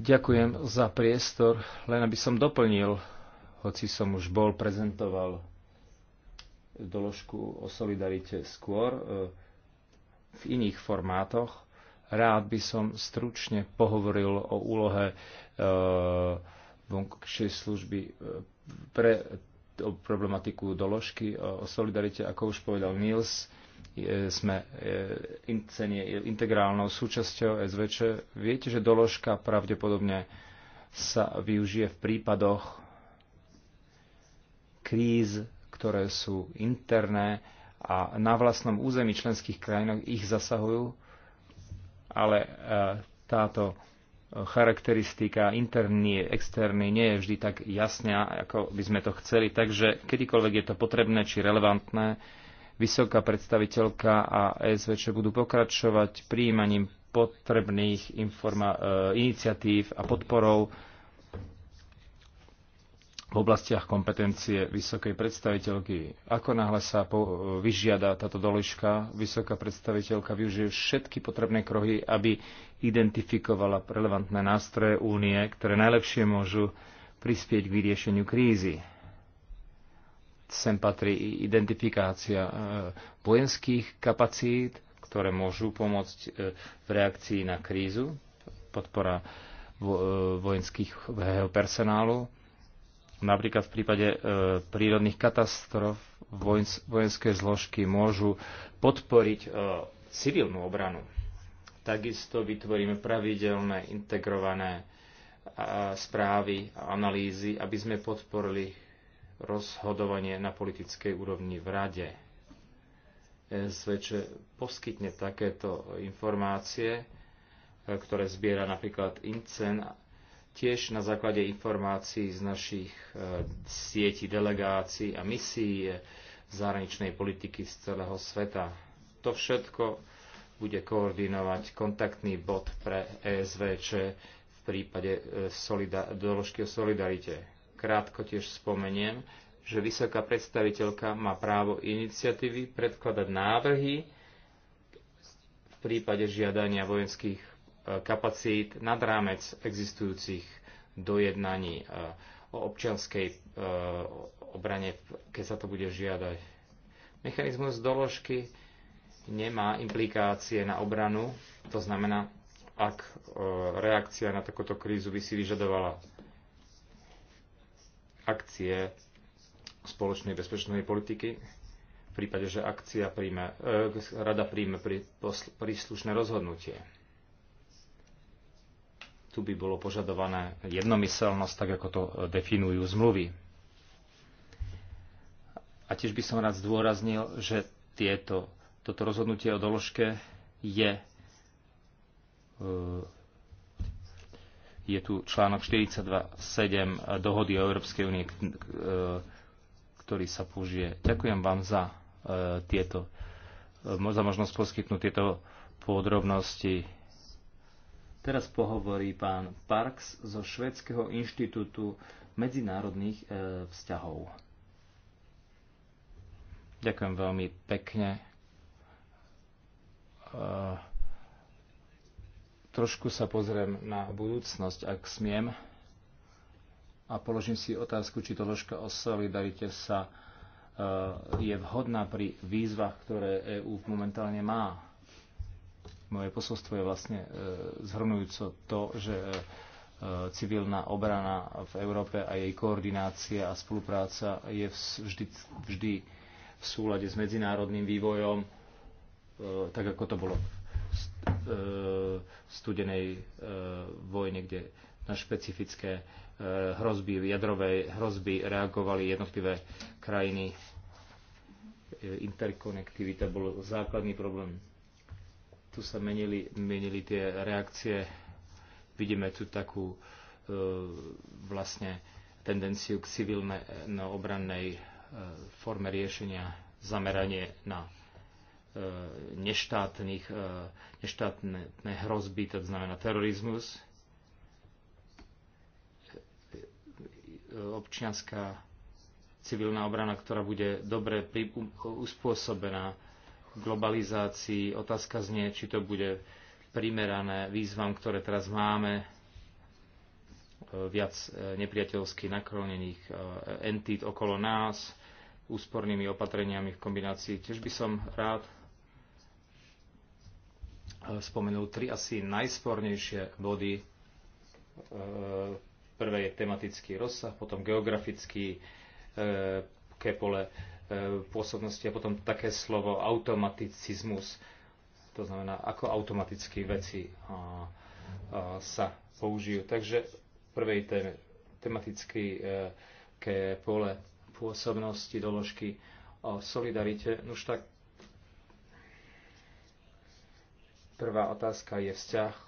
Ďakujem za priestor, len aby som doplnil, hoci som už bol prezentoval doložku o solidarite skôr e, v iných formátoch. Rád by som stručne pohovoril o úlohe e, vonkšej služby e, pre problematiku doložky o solidarite, ako už povedal NILS sme e, integrálnou súčasťou SVČ. Viete, že doložka pravdepodobne sa využije v prípadoch kríz, ktoré sú interné a na vlastnom území členských krajín ich zasahujú, ale e, táto charakteristika interný, externý nie je vždy tak jasná, ako by sme to chceli. Takže kedykoľvek je to potrebné či relevantné, vysoká predstaviteľka a ESVČ budú pokračovať príjmaním potrebných e, iniciatív a podporov v oblastiach kompetencie vysokej predstaviteľky. Ako náhle sa po, vyžiada táto doložka, vysoká predstaviteľka využije všetky potrebné krohy, aby identifikovala relevantné nástroje únie, ktoré najlepšie môžu prispieť k vyriešeniu krízy sem patrí identifikácia e, vojenských kapacít, ktoré môžu pomôcť e, v reakcii na krízu, podpora e, vojenských personálu, Napríklad v prípade prírodných katastrof vojenské zložky môžu podporiť civilnú obranu. Takisto vytvoríme pravidelné integrované správy a analýzy, aby sme podporili rozhodovanie na politickej úrovni v Rade. SVČ poskytne takéto informácie, e, ktoré zbiera napríklad INCEN, tiež na základe informácií z našich e, sietí delegácií a misií e, zahraničnej politiky z celého sveta. To všetko bude koordinovať kontaktný bod pre ESVČ v prípade solida- doložky o solidarite krátko tiež spomeniem, že vysoká predstaviteľka má právo iniciatívy predkladať návrhy v prípade žiadania vojenských e, kapacít nad rámec existujúcich dojednaní e, o občianskej e, obrane, keď sa to bude žiadať. Mechanizmus doložky nemá implikácie na obranu, to znamená, ak reakcia na takúto krízu by si vyžadovala akcie spoločnej bezpečnej politiky, v prípade, že akcia príjme, e, rada príjme príslušné rozhodnutie. Tu by bolo požadované jednomyselnosť, tak ako to definujú zmluvy. A tiež by som rád zdôraznil, že tieto, toto rozhodnutie o doložke je e, je tu článok 42.7 dohody o Európskej únie, ktorý sa použije. Ďakujem vám za e, tieto e, za možnosť poskytnúť tieto podrobnosti. Teraz pohovorí pán Parks zo Švedského inštitútu medzinárodných e, vzťahov. Ďakujem veľmi pekne. Uh trošku sa pozriem na budúcnosť, ak smiem, a položím si otázku, či to ložka o solidarite sa eh, je vhodná pri výzvach, ktoré EÚ momentálne má. Moje posolstvo je vlastne eh, zhrnujúco to, že eh, civilná obrana v Európe a jej koordinácia a spolupráca je vždy, vždy v súlade s medzinárodným vývojom, tak ako to bolo E, studenej e, vojne, kde na špecifické e, hrozby, jadrové hrozby reagovali jednotlivé krajiny. Interkonektivita bol základný problém. Tu sa menili, menili tie reakcie. Vidíme tu takú vlastne tendenciu k civilnej no, obrannej forme riešenia, zameranie na E, neštátnych, e, neštátne hrozby, to znamená terorizmus, e, občianská civilná obrana, ktorá bude dobre uspôsobená globalizácii. Otázka znie, či to bude primerané výzvam, ktoré teraz máme, viac nepriateľsky naklonených entít okolo nás, úspornými opatreniami v kombinácii. Tiež by som rád Eh, spomenul tri asi najspornejšie body. Eh, prvé je tematický rozsah, potom geografický eh, kepole pôsobnosti a potom také slovo automaticizmus. To znamená, ako automaticky veci sa použijú. Takže prvej je tematické pole pôsobnosti doložky o solidarite. Už tak Prvá otázka je vzťah e,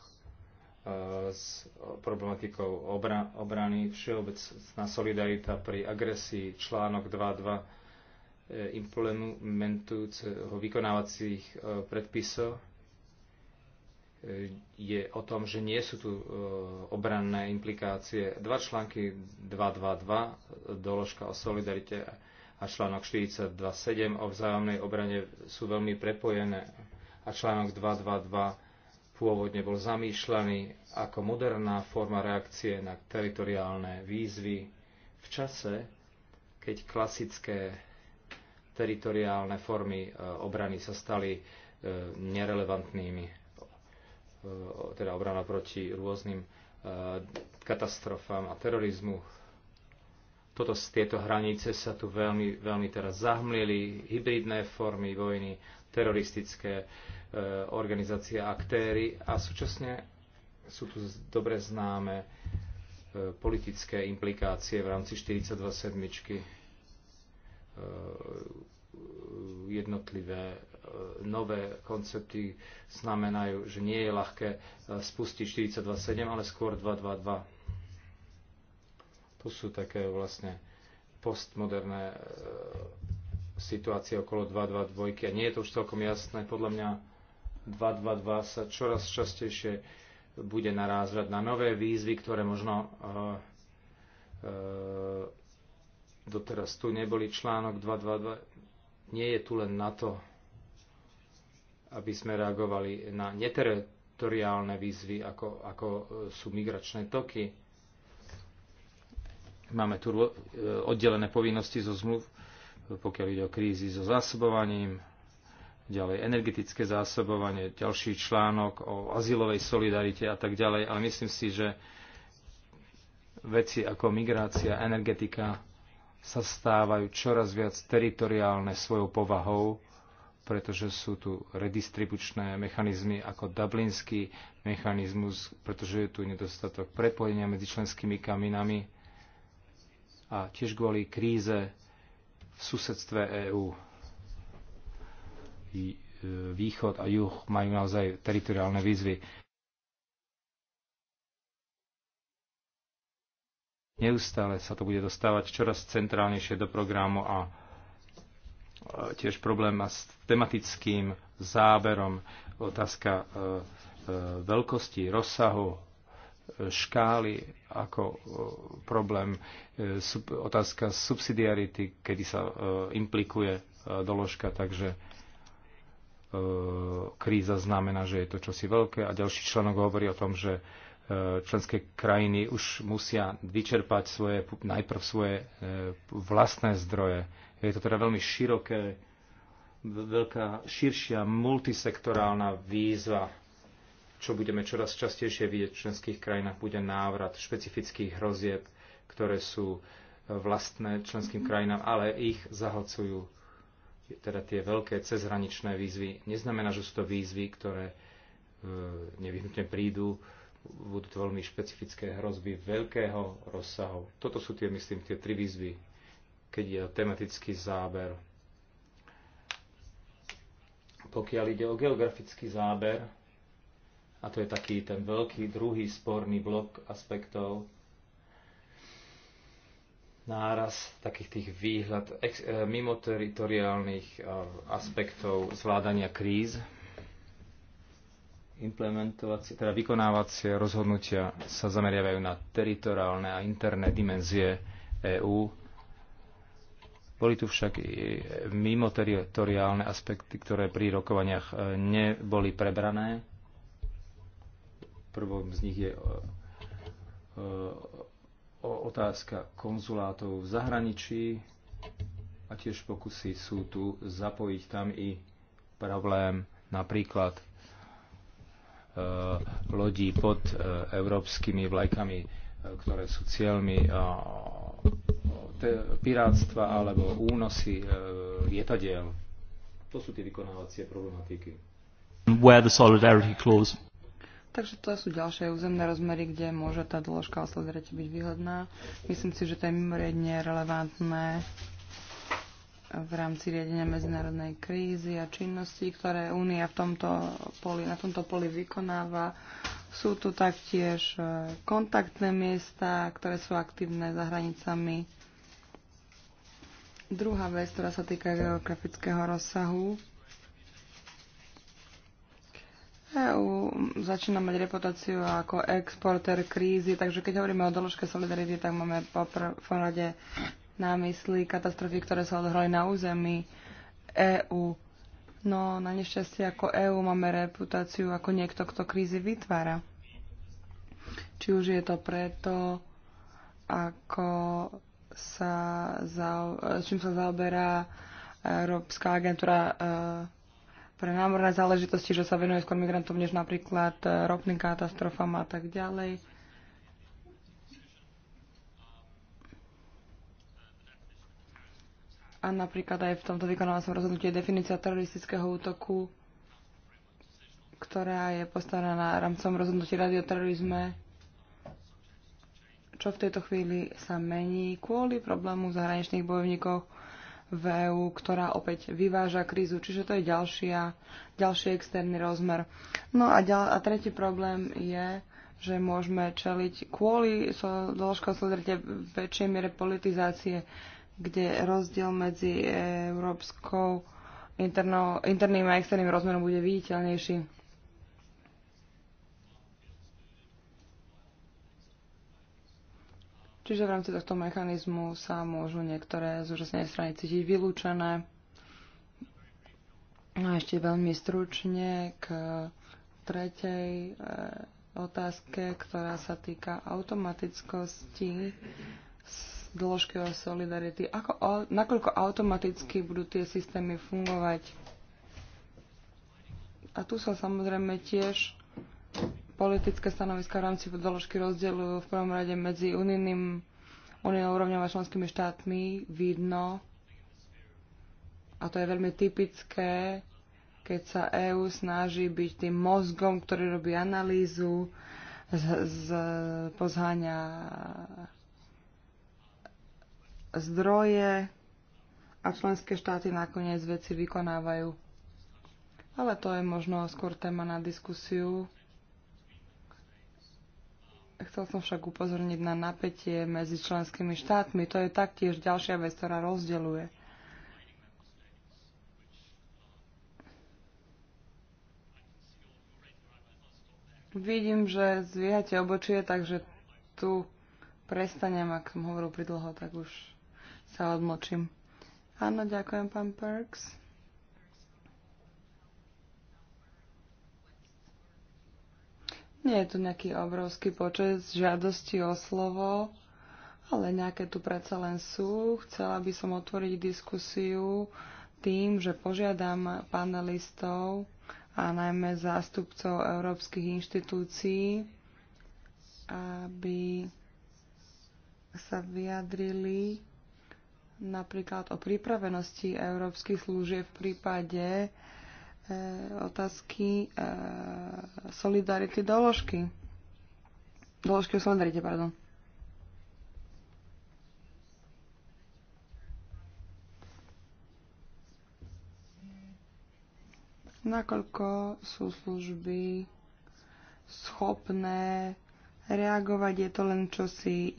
s problematikou obra, obrany, všeobecná solidarita pri agresii, článok 2.2 e, implementujúceho vykonávacích e, predpisov je o tom, že nie sú tu obranné implikácie. Dva články 2.2.2, doložka o solidarite a článok 42.7 o vzájomnej obrane sú veľmi prepojené a článok 222 pôvodne bol zamýšľaný ako moderná forma reakcie na teritoriálne výzvy v čase, keď klasické teritoriálne formy e, obrany sa stali e, nerelevantnými, e, teda obrana proti rôznym katastrofám a terorizmu. Toto, tieto hranice sa tu veľmi, veľmi teraz zahmlili, hybridné formy vojny, teroristické e, organizácie a aktéry a súčasne sú tu dobre známe e, politické implikácie v rámci 42 e, jednotlivé nové koncepty znamenajú, že nie je ľahké spustiť 42.7, ale skôr 2.2.2. To sú také vlastne postmoderné situácie okolo 222 a nie je to už celkom jasné. Podľa mňa 222 sa čoraz častejšie bude narázať na nové výzvy, ktoré možno eh, eh, doteraz tu neboli. Článok 222 nie je tu len na to, aby sme reagovali na neteritoriálne výzvy, ako, ako eh, sú migračné toky. Máme tu oddelené povinnosti zo zmluv pokiaľ ide o krízy so zásobovaním, ďalej energetické zásobovanie, ďalší článok o azylovej solidarite a tak ďalej, ale myslím si, že veci ako migrácia, energetika sa stávajú čoraz viac teritoriálne svojou povahou, pretože sú tu redistribučné mechanizmy ako dublinský mechanizmus, pretože je tu nedostatok prepojenia medzi členskými kaminami a tiež kvôli kríze susedstve EÚ. E, východ a juh majú naozaj teritoriálne výzvy. Neustále sa to bude dostávať čoraz centrálnejšie do programu a tiež problém s tematickým záberom, otázka e, e, veľkosti, rozsahu, škály ako e, problém e, otázka subsidiarity, kedy sa e, implikuje doložka, takže kríza znamená, že je to čosi veľké a ďalší článok hovorí o tom, že členské krajiny už musia vyčerpať svoje, najprv svoje vlastné zdroje. Je to teda veľmi široké, veľká, širšia multisektorálna výzva čo budeme čoraz častejšie vidieť v členských krajinách, bude návrat špecifických hrozieb, ktoré sú e, vlastné členským krajinám, ale ich zahocujú teda tie veľké cezhraničné výzvy. Neznamená, že sú to výzvy, ktoré e, nevyhnutne prídu, budú to veľmi špecifické hrozby veľkého rozsahu. Toto sú tie, myslím, tie tri výzvy, keď je tematický záber. Pokiaľ ide o geografický záber, a to je taký ten veľký druhý sporný blok aspektov. Náraz takých tých výhľad ex, e, mimoteritoriálnych e, aspektov zvládania kríz, implementovacie, teda vykonávacie rozhodnutia sa zameriavajú na teritoriálne a interné dimenzie EÚ. Boli tu však i mimoteritoriálne aspekty, ktoré pri rokovaniach e, neboli prebrané Prvom z nich je e, e, otázka konzulátov v zahraničí a tiež pokusy sú tu zapojiť tam i problém napríklad e, lodí pod európskymi vlajkami, ktoré sú cieľmi pirátstva alebo únosy lietadiel. To sú tie vykonávacie problematiky. Where the solidarity clause Takže to sú ďalšie územné rozmery, kde môže tá dĺžka o byť výhodná. Myslím si, že to je mimoriadne relevantné v rámci riadenia medzinárodnej krízy a činností, ktoré Únia v tomto poli, na tomto poli vykonáva. Sú tu taktiež e, kontaktné miesta, ktoré sú aktívne za hranicami. Druhá vec, ktorá sa týka geografického rozsahu, EU začína mať reputáciu ako exporter krízy, takže keď hovoríme o doložke solidarity, tak máme po porade na mysli katastrofy, ktoré sa odhrali na území EÚ. No na nešťastie ako EÚ máme reputáciu ako niekto, kto krízy vytvára. Či už je to preto, ako sa za, čím sa zaoberá Európska agentúra e pre námorné záležitosti, že sa venuje skôr migrantom než napríklad e, ropným katastrofám a tak ďalej. A napríklad aj v tomto vykonávacom som rozhodnutie definícia teroristického útoku, ktorá je postavená na rámcom rozhodnutí rady o terorizme, čo v tejto chvíli sa mení kvôli problému zahraničných bojovníkov, v EÚ, ktorá opäť vyváža krízu, čiže to je ďalšia, ďalší externý rozmer. No a, ďal, a tretí problém je, že môžeme čeliť kvôli so, doložkou sledrite väčšej miere politizácie, kde rozdiel medzi európskou interno, interným a externým rozmerom bude viditeľnejší. Čiže v rámci tohto mechanizmu sa môžu niektoré úžasnej strany cítiť vylúčené. A ešte veľmi stručne k tretej eh, otázke, ktorá sa týka automatickosti dĺžky o solidarity. Ako, nakoľko automaticky budú tie systémy fungovať? A tu sa samozrejme tiež politické stanoviska v rámci podložky rozdielu v prvom rade medzi unijným úniou úrovňou a členskými štátmi vidno, a to je veľmi typické, keď sa EÚ snaží byť tým mozgom, ktorý robí analýzu, z, z, pozháňa zdroje a členské štáty nakoniec veci vykonávajú. Ale to je možno skôr téma na diskusiu. Chcel som však upozorniť na napätie medzi členskými štátmi. To je taktiež ďalšia vec, ktorá rozdeluje. Vidím, že zvíhate obočie, takže tu prestanem, ak som hovoril pridlho, tak už sa odmočím. Áno, ďakujem, pán Perks. Nie je tu nejaký obrovský počet žiadostí o slovo, ale nejaké tu predsa len sú. Chcela by som otvoriť diskusiu tým, že požiadam panelistov a najmä zástupcov európskych inštitúcií, aby sa vyjadrili napríklad o pripravenosti európskych služieb v prípade, E, otázky e, solidarity doložky. Doložky o solidarite, pardon. nakoľko sú služby schopné reagovať, je to len čosi e,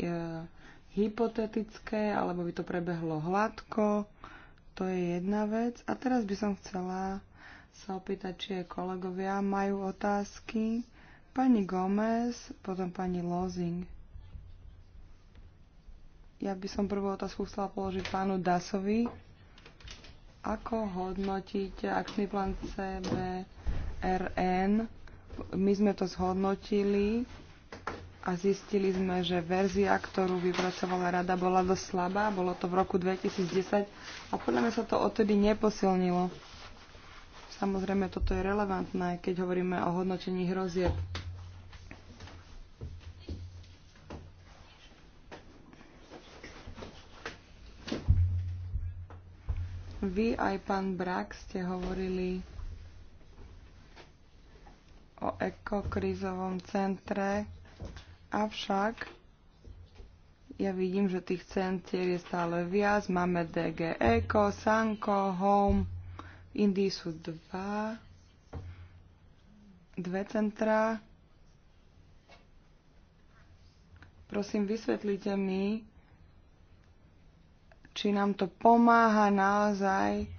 hypotetické, alebo by to prebehlo hladko, to je jedna vec. A teraz by som chcela sa opýtať, či aj kolegovia majú otázky. Pani Gomez, potom pani Lozing. Ja by som prvú otázku chcela položiť pánu Dasovi. Ako hodnotíte akčný plán CBRN? My sme to zhodnotili a zistili sme, že verzia, ktorú vypracovala rada, bola dosť slabá. Bolo to v roku 2010 a podľa mňa sa to odtedy neposilnilo. Samozrejme, toto je relevantné, keď hovoríme o hodnotení hrozieb. Vy aj pán Brak ste hovorili o ekokrizovom centre, avšak ja vidím, že tých centier je stále viac. Máme DG Eco, Sanko, Home, Indii sú dva, dve centrá. Prosím, vysvetlite mi, či nám to pomáha naozaj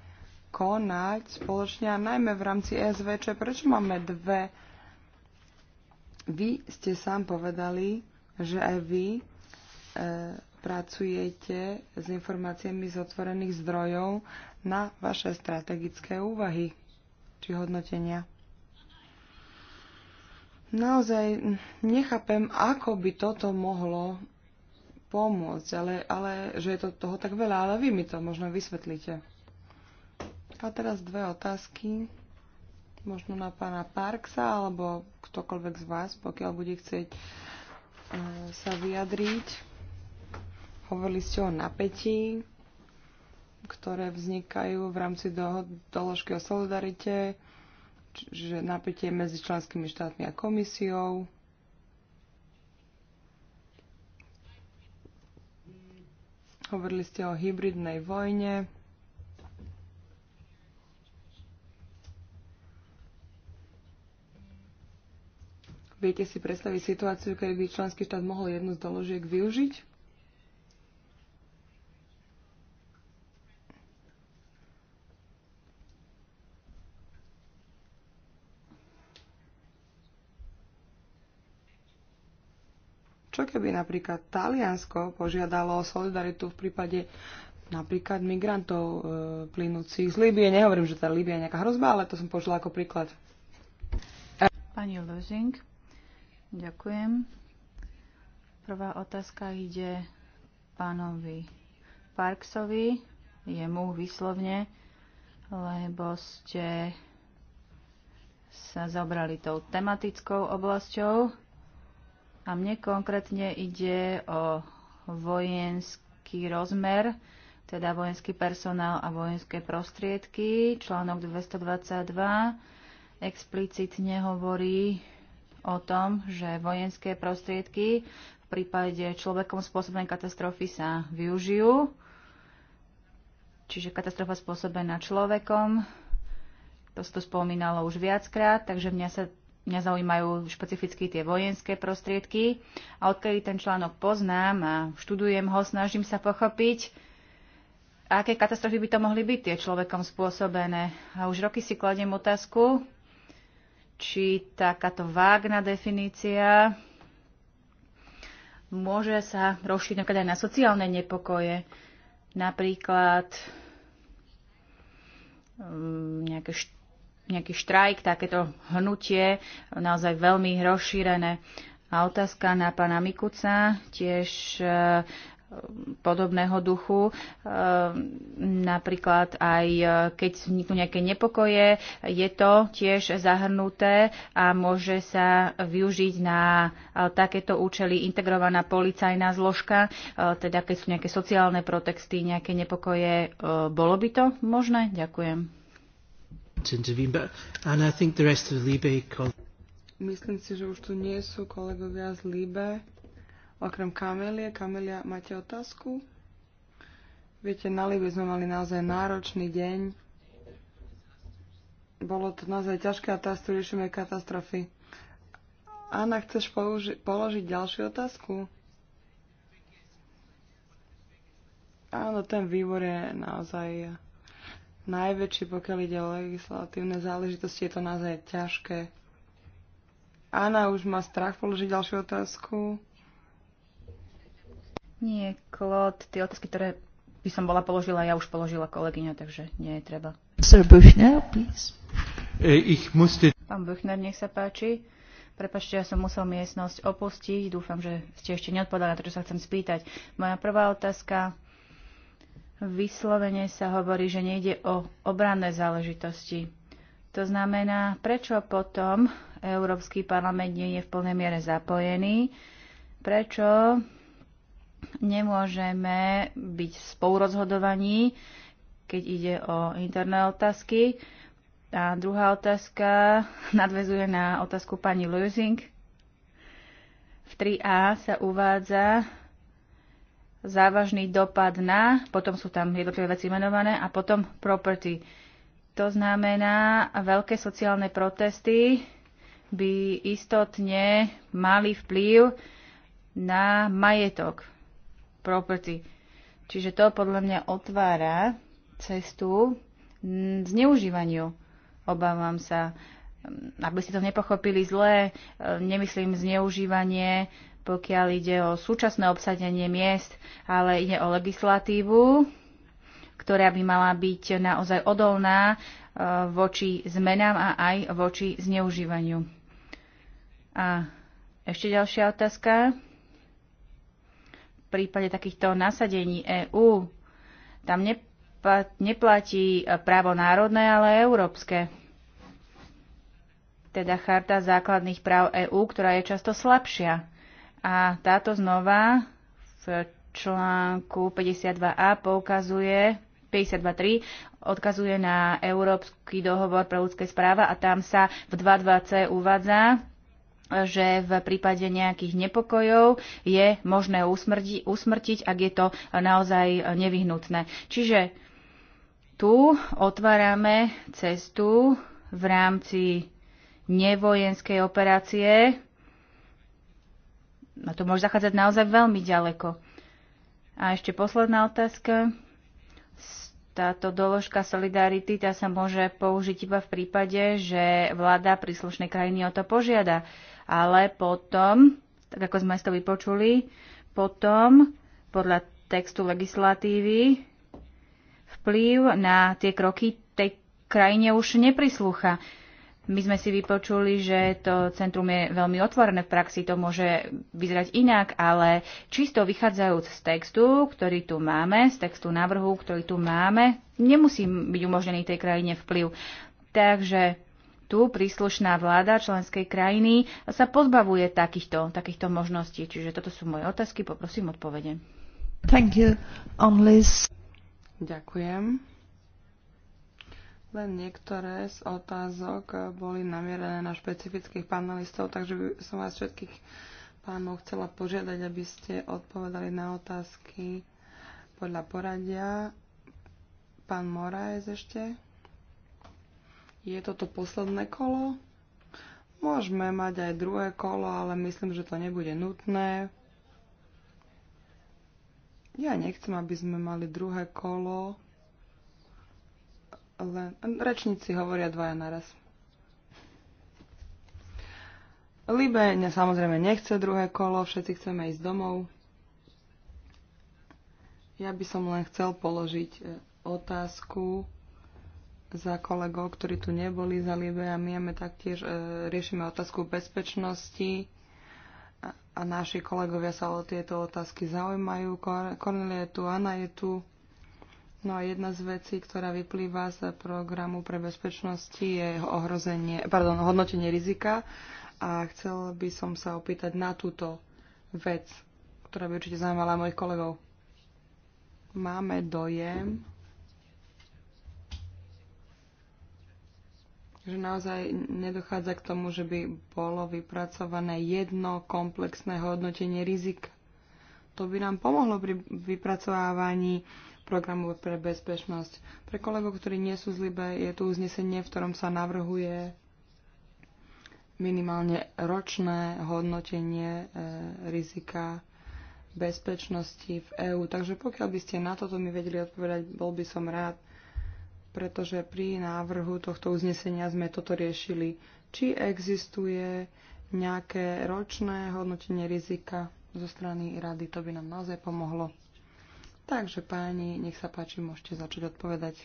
konať spoločne a najmä v rámci SVČ. Prečo máme dve? Vy ste sám povedali, že aj vy e, pracujete s informáciami z otvorených zdrojov na vaše strategické úvahy či hodnotenia. Naozaj nechápem, ako by toto mohlo pomôcť, ale, ale že je to toho tak veľa, ale vy mi to možno vysvetlíte. A teraz dve otázky, možno na pána Parksa alebo ktokoľvek z vás, pokiaľ bude chcieť e, sa vyjadriť. Hovorili ste o napätí, ktoré vznikajú v rámci dohod, doložky o solidarite, čiže napätie medzi členskými štátmi a komisiou. Hovorili ste o hybridnej vojne. Viete si predstaviť situáciu, kedy by členský štát mohol jednu z doložiek využiť? keby napríklad Taliansko požiadalo o solidaritu v prípade napríklad migrantov e, plynúcich z Líbie. Nehovorím, že tá Líbia je nejaká hrozba, ale to som požila ako príklad. Pani Lozing, ďakujem. Prvá otázka ide pánovi Parksovi, jemu vyslovne, lebo ste sa zobrali tou tematickou oblasťou a mne konkrétne ide o vojenský rozmer, teda vojenský personál a vojenské prostriedky. Článok 222 explicitne hovorí o tom, že vojenské prostriedky v prípade človekom spôsobenej katastrofy sa využijú. Čiže katastrofa spôsobená človekom. To sa tu spomínalo už viackrát, takže mňa sa Mňa zaujímajú špecificky tie vojenské prostriedky a odkedy ten článok poznám a študujem ho, snažím sa pochopiť, aké katastrofy by to mohli byť tie človekom spôsobené. A už roky si kladiem otázku, či takáto vágna definícia môže sa rozšíriť napríklad aj na sociálne nepokoje, napríklad mm, nejaké št- nejaký štrajk, takéto hnutie, naozaj veľmi rozšírené. A otázka na pána Mikuca, tiež e, podobného duchu. E, napríklad aj e, keď vzniknú nejaké nepokoje, je to tiež zahrnuté a môže sa využiť na takéto účely integrovaná policajná zložka, teda keď sú nejaké sociálne protesty, nejaké nepokoje. Bolo by to možné? Ďakujem to intervene, but, and I think the rest of the Libe Myslím si, že už tu nie sú kolegovia z Libe. Okrem Kamelie. Kamelia, máte otázku? Viete, na Libe sme mali naozaj náročný deň. Bolo to naozaj ťažké a teraz tu riešime katastrofy. Anna, chceš položiť ďalšiu otázku? Áno, ten výbor je naozaj najväčší, pokiaľ ide o legislatívne záležitosti. Je to naozaj ťažké. Anna už má strach položiť ďalšiu otázku. Nie, Klod, tie otázky, ktoré by som bola položila, ja už položila kolegyňa, takže nie je treba. Sir Buchner, please. E, ich musste... Pán Buchner, nech sa páči. Prepačte, ja som musel miestnosť opustiť. Dúfam, že ste ešte neodpovedali na to, čo sa chcem spýtať. Moja prvá otázka vyslovene sa hovorí, že nejde o obranné záležitosti. To znamená, prečo potom Európsky parlament nie je v plnej miere zapojený, prečo nemôžeme byť v spolurozhodovaní, keď ide o interné otázky. A druhá otázka nadvezuje na otázku pani Lusing. V 3a sa uvádza, závažný dopad na, potom sú tam jednotlivé veci menované a potom property. To znamená, veľké sociálne protesty by istotne mali vplyv na majetok property. Čiže to podľa mňa otvára cestu zneužívaniu. Obávam sa, mm, aby ste to nepochopili zle, e, nemyslím zneužívanie pokiaľ ide o súčasné obsadenie miest, ale ide o legislatívu, ktorá by mala byť naozaj odolná e, voči zmenám a aj voči zneužívaniu. A ešte ďalšia otázka. V prípade takýchto nasadení EÚ tam neplatí právo národné, ale európske. Teda charta základných práv EÚ, ktorá je často slabšia. A táto znova v článku 52a poukazuje 52.3 odkazuje na Európsky dohovor pre ľudské správa a tam sa v 2.2c uvádza, že v prípade nejakých nepokojov je možné usmrti, usmrtiť, ak je to naozaj nevyhnutné. Čiže tu otvárame cestu v rámci nevojenskej operácie a to môže zachádzať naozaj veľmi ďaleko. A ešte posledná otázka. Táto doložka solidarity tá sa môže použiť iba v prípade, že vláda príslušnej krajiny o to požiada. Ale potom, tak ako sme to vypočuli, potom podľa textu legislatívy vplyv na tie kroky tej krajine už neprislúcha. My sme si vypočuli, že to centrum je veľmi otvorené v praxi, to môže vyzerať inak, ale čisto vychádzajúc z textu, ktorý tu máme, z textu návrhu, ktorý tu máme, nemusí byť umožnený tej krajine vplyv. Takže tu príslušná vláda členskej krajiny sa pozbavuje takýchto, takýchto možností. Čiže toto sú moje otázky, poprosím odpovede. Thank you, Ďakujem. Len niektoré z otázok boli namierené na špecifických panelistov, takže by som vás všetkých pánov chcela požiadať, aby ste odpovedali na otázky podľa poradia. Pán Moraes ešte. Je toto posledné kolo? Môžeme mať aj druhé kolo, ale myslím, že to nebude nutné. Ja nechcem, aby sme mali druhé kolo, len... Rečníci hovoria dvaja naraz. Libe ne, samozrejme nechce druhé kolo, všetci chceme ísť domov. Ja by som len chcel položiť e, otázku za kolegov, ktorí tu neboli za Libe a my jeme taktiež, e, riešime otázku bezpečnosti a, a naši kolegovia sa o tieto otázky zaujímajú. Kornelia je tu, Anna je tu. No a jedna z vecí, ktorá vyplýva z programu pre bezpečnosti je ohrozenie, pardon, hodnotenie rizika a chcel by som sa opýtať na túto vec, ktorá by určite zaujímala mojich kolegov. Máme dojem, že naozaj nedochádza k tomu, že by bolo vypracované jedno komplexné hodnotenie rizika. To by nám pomohlo pri vypracovávaní programu pre bezpečnosť. Pre kolegov, ktorí nie sú z Libe, je tu uznesenie, v ktorom sa navrhuje minimálne ročné hodnotenie e, rizika bezpečnosti v EÚ. Takže pokiaľ by ste na toto mi vedeli odpovedať, bol by som rád, pretože pri návrhu tohto uznesenia sme toto riešili. Či existuje nejaké ročné hodnotenie rizika zo strany rady, to by nám naozaj pomohlo. Takže páni, nech sa páči, môžete začať odpovedať.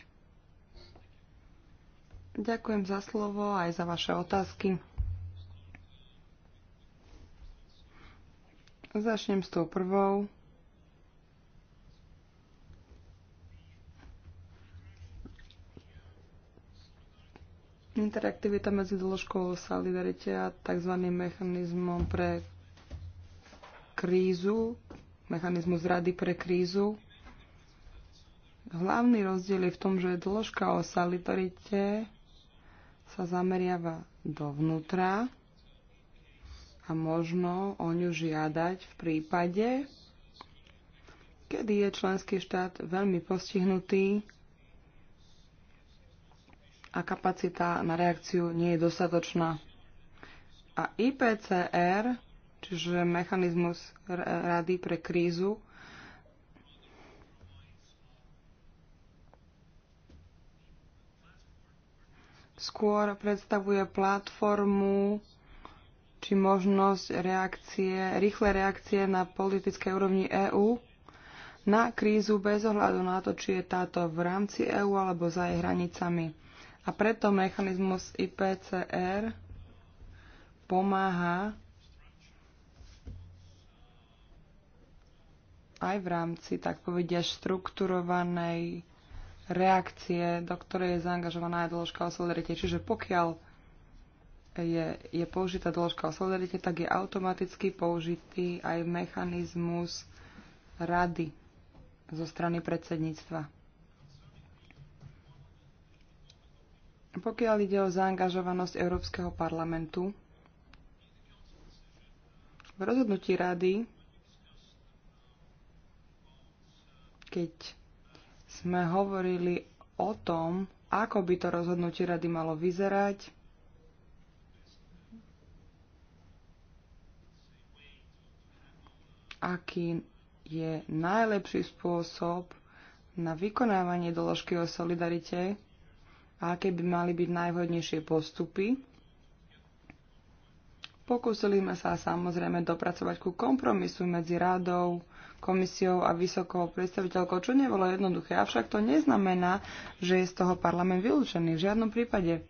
Ďakujem za slovo aj za vaše otázky. Začnem s tou prvou. Interaktivita medzi dĺžkou solidarite a tzv. mechanizmom pre krízu, mechanizmus rady pre krízu. Hlavný rozdiel je v tom, že dĺžka o salitorite sa zameriava dovnútra a možno o ňu žiadať v prípade, kedy je členský štát veľmi postihnutý a kapacita na reakciu nie je dostatočná. A IPCR, čiže mechanizmus Rady pre krízu, skôr predstavuje platformu či možnosť reakcie, rýchle reakcie na politickej úrovni EÚ na krízu bez ohľadu na to, či je táto v rámci EÚ alebo za jej hranicami. A preto mechanizmus IPCR pomáha aj v rámci, tak povediať, štrukturovanej reakcie, do ktorej je zaangažovaná aj doložka o solidarite. Čiže pokiaľ je, je použitá doložka o solidarite, tak je automaticky použitý aj mechanizmus rady zo strany predsedníctva. Pokiaľ ide o zaangažovanosť Európskeho parlamentu, v rozhodnutí rady, keď sme hovorili o tom, ako by to rozhodnutie rady malo vyzerať. Aký je najlepší spôsob na vykonávanie doložky o solidarite a aké by mali byť najvhodnejšie postupy. Pokúsili sme sa samozrejme dopracovať ku kompromisu medzi radou, komisiou a vysokou predstaviteľkou, čo nebolo jednoduché. Avšak to neznamená, že je z toho parlament vylúčený. V žiadnom prípade.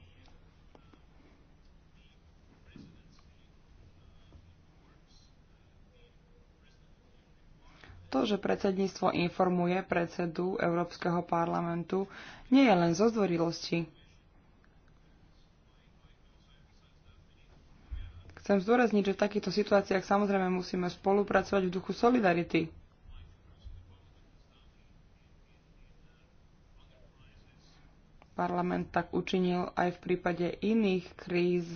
To, že predsedníctvo informuje predsedu Európskeho parlamentu, nie je len zo zdvorilosti. Chcem zdôrazniť, že v takýchto situáciách samozrejme musíme spolupracovať v duchu solidarity. Parlament tak učinil aj v prípade iných kríz.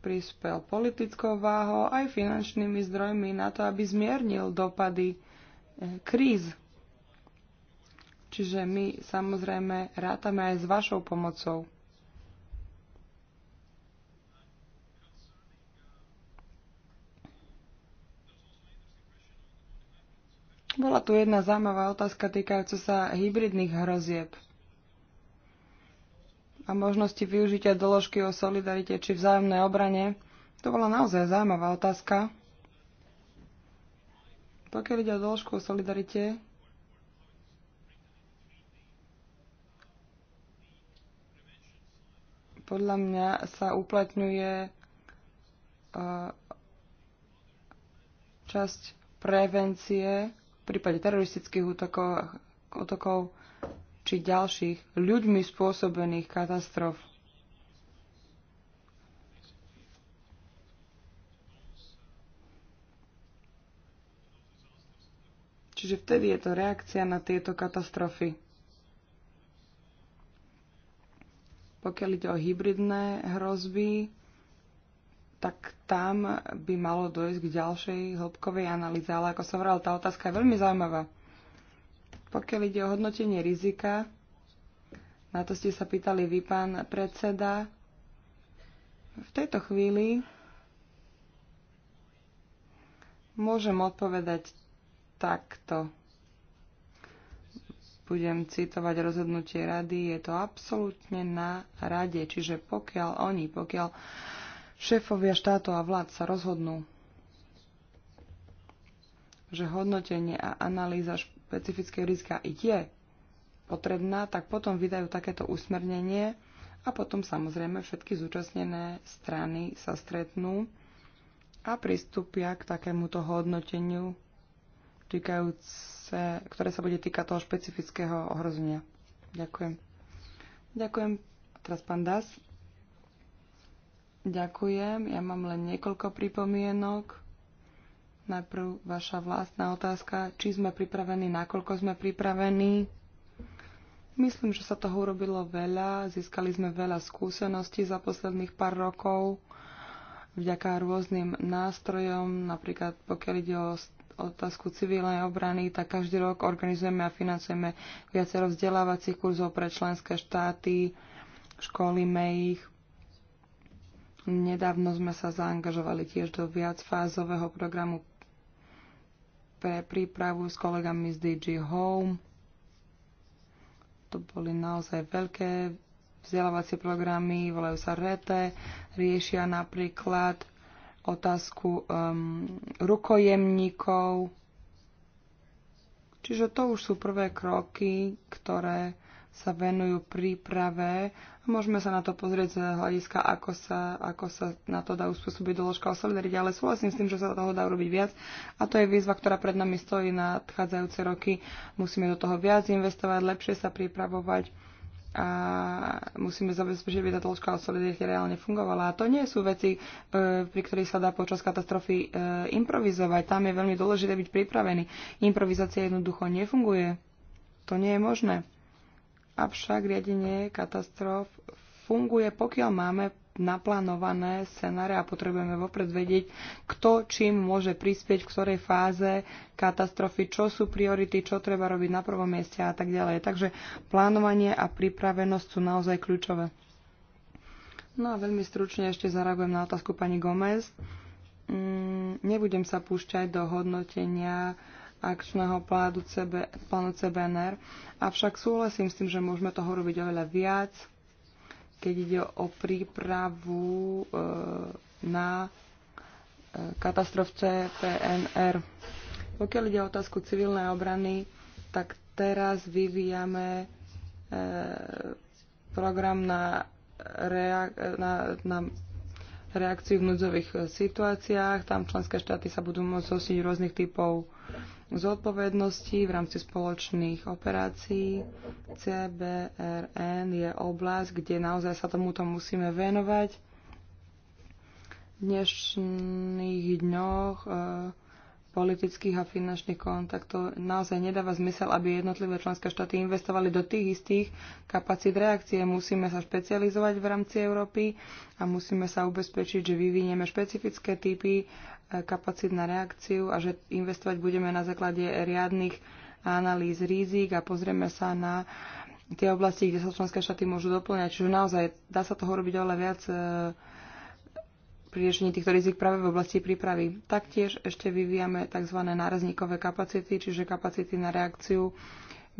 Prispel politickou váhou aj finančnými zdrojmi na to, aby zmiernil dopady eh, kríz. Čiže my samozrejme rátame aj s vašou pomocou. Bola tu jedna zaujímavá otázka týkajúca sa hybridných hrozieb a možnosti využitia doložky o solidarite či vzájomnej obrane. To bola naozaj zaujímavá otázka. Pokiaľ ide o doložku o solidarite, podľa mňa sa uplatňuje e, časť prevencie v prípade teroristických útokov, útokov či ďalších ľuďmi spôsobených katastrof. Čiže vtedy je to reakcia na tieto katastrofy. Pokiaľ ide o hybridné hrozby, tak tam by malo dojsť k ďalšej hĺbkovej analýze. Ale ako som hovoril, tá otázka je veľmi zaujímavá. Pokiaľ ide o hodnotenie rizika, na to ste sa pýtali vy, pán predseda, v tejto chvíli môžem odpovedať takto budem citovať rozhodnutie rady, je to absolútne na rade. Čiže pokiaľ oni, pokiaľ šéfovia štátov a vlád sa rozhodnú, že hodnotenie a analýza špecifické rizika je potrebná, tak potom vydajú takéto usmernenie a potom samozrejme všetky zúčastnené strany sa stretnú a pristúpia k takémuto hodnoteniu týkajúc sa, ktoré sa bude týkať toho špecifického ohrozenia. Ďakujem. Ďakujem. A teraz pán Das. Ďakujem. Ja mám len niekoľko pripomienok. Najprv vaša vlastná otázka, či sme pripravení, nakoľko sme pripravení. Myslím, že sa toho urobilo veľa. Získali sme veľa skúseností za posledných pár rokov vďaka rôznym nástrojom, napríklad pokiaľ ide o otázku civilnej obrany, tak každý rok organizujeme a financujeme viacero vzdelávacích kurzov pre členské štáty, školíme ich. Nedávno sme sa zaangažovali tiež do viacfázového programu pre prípravu s kolegami z DG Home. To boli naozaj veľké vzdelávacie programy, volajú sa RETE, riešia napríklad otázku um, rukojemníkov. Čiže to už sú prvé kroky, ktoré sa venujú príprave. Môžeme sa na to pozrieť z hľadiska, ako sa, ako sa na to dá uspôsobiť doložka o solidarite, ale súhlasím s tým, že sa toho dá urobiť viac a to je výzva, ktorá pred nami stojí na nadchádzajúce roky. Musíme do toho viac investovať, lepšie sa pripravovať a musíme zabezpečiť, aby táto ložka o solidarite reálne fungovala. A to nie sú veci, e, pri ktorých sa dá počas katastrofy e, improvizovať. Tam je veľmi dôležité byť pripravený. Improvizácia jednoducho nefunguje. To nie je možné. Avšak riadenie katastrof funguje, pokiaľ máme naplánované scenáre a potrebujeme vopred vedieť, kto čím môže prispieť, v ktorej fáze katastrofy, čo sú priority, čo treba robiť na prvom mieste a tak ďalej. Takže plánovanie a pripravenosť sú naozaj kľúčové. No a veľmi stručne ešte zareagujem na otázku pani Gomez. Mm, nebudem sa púšťať do hodnotenia akčného plánu, CB, plánu CBNR, avšak súhlasím s tým, že môžeme toho robiť oveľa viac, keď ide o prípravu e, na e, katastrofce PNR. Pokiaľ ide o otázku civilnej obrany, tak teraz vyvíjame e, program na, reak- na, na reakciu v núdzových situáciách. Tam členské štáty sa budú môcť zosiť rôznych typov zodpovednosti v rámci spoločných operácií. CBRN je oblasť, kde naozaj sa tomuto musíme venovať. V dnešných dňoch e, politických a finančných kontaktov naozaj nedáva zmysel, aby jednotlivé členské štáty investovali do tých istých kapacít reakcie. Musíme sa špecializovať v rámci Európy a musíme sa ubezpečiť, že vyvinieme špecifické typy e, kapacít na reakciu a že investovať budeme na základe riadnych analýz rizik a pozrieme sa na tie oblasti, kde sa členské štáty môžu doplňať. Čiže naozaj dá sa toho robiť oveľa viac e, pri riešení týchto rizik práve v oblasti prípravy. Taktiež ešte vyvíjame tzv. nárazníkové kapacity, čiže kapacity na reakciu,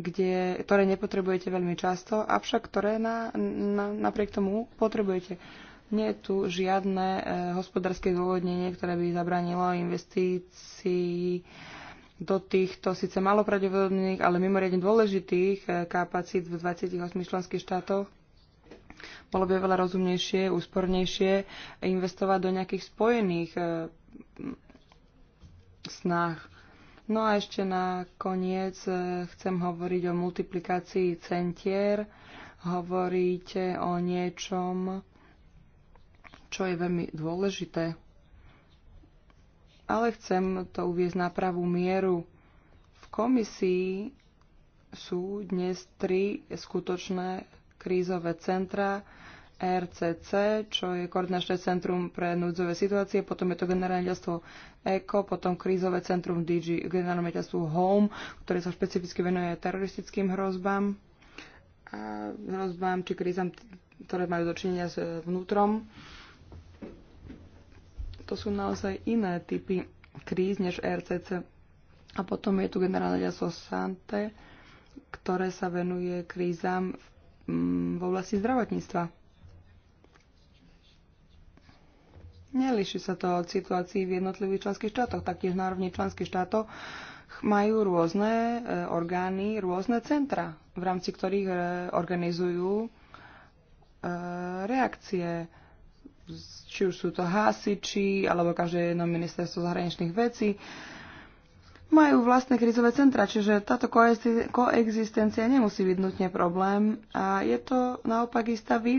kde, ktoré nepotrebujete veľmi často, avšak ktoré na, na, napriek tomu potrebujete. Nie je tu žiadne e, hospodárske dôvodnenie, ktoré by zabranilo investícii do týchto síce malopravdepodobných, ale mimoriadne dôležitých e, kapacít v 28 členských štátoch bolo by oveľa rozumnejšie, úspornejšie investovať do nejakých spojených e, snách. No a ešte na koniec e, chcem hovoriť o multiplikácii centier. Hovoríte o niečom, čo je veľmi dôležité. Ale chcem to uviezť na pravú mieru. V komisii sú dnes tri skutočné krízové centra RCC, čo je koordinačné centrum pre núdzové situácie, potom je to generálne ďalstvo ECO, potom krízové centrum DG, generálne ďalstvo HOME, ktoré sa špecificky venuje teroristickým hrozbám a hrozbám či krízam, ktoré majú dočinenia s vnútrom. To sú naozaj iné typy kríz než RCC. A potom je tu generálne ďalstvo SANTE, ktoré sa venuje krízam v Mm, v oblasti zdravotníctva. Neliši sa to od situácií v jednotlivých členských štátoch, taktiež na rovni členských štátov majú rôzne e, orgány, rôzne centra, v rámci ktorých e, organizujú e, reakcie. Či už sú to hasiči, alebo každé jedno ministerstvo zahraničných vecí majú vlastné krizové centra, čiže táto koexistencia nemusí byť nutne problém a je to naopak istá vý...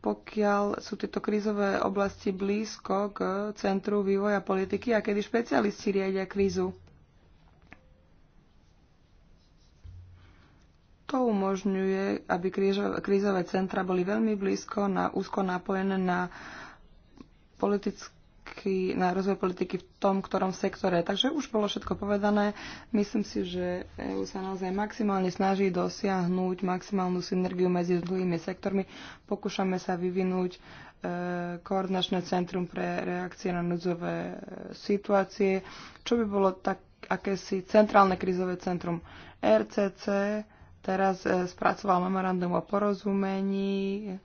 pokiaľ sú tieto krízové oblasti blízko k centru vývoja politiky a kedy špecialisti riadia krízu. To umožňuje, aby krízové centra boli veľmi blízko, na, úzko napojené na politické politiky, na rozvoj politiky v tom, ktorom sektore. Takže už bolo všetko povedané. Myslím si, že EU sa naozaj maximálne snaží dosiahnuť maximálnu synergiu medzi dlhými sektormi. Pokúšame sa vyvinúť e, koordinačné centrum pre reakcie na núdzové e, situácie, čo by bolo tak akési centrálne krizové centrum RCC, teraz e, spracoval memorandum o porozumení,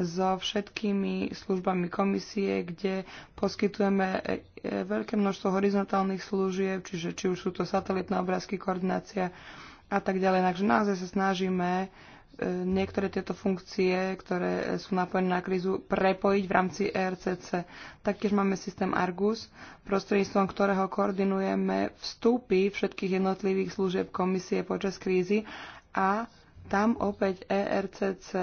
so všetkými službami komisie, kde poskytujeme e, e, veľké množstvo horizontálnych služieb, čiže či už sú to satelitné obrázky, koordinácia a tak ďalej. Takže naozaj sa snažíme e, niektoré tieto funkcie, ktoré sú napojené na krízu, prepojiť v rámci ERCC. Taktiež máme systém Argus, prostredníctvom ktorého koordinujeme vstupy všetkých jednotlivých služieb komisie počas krízy a tam opäť ERCC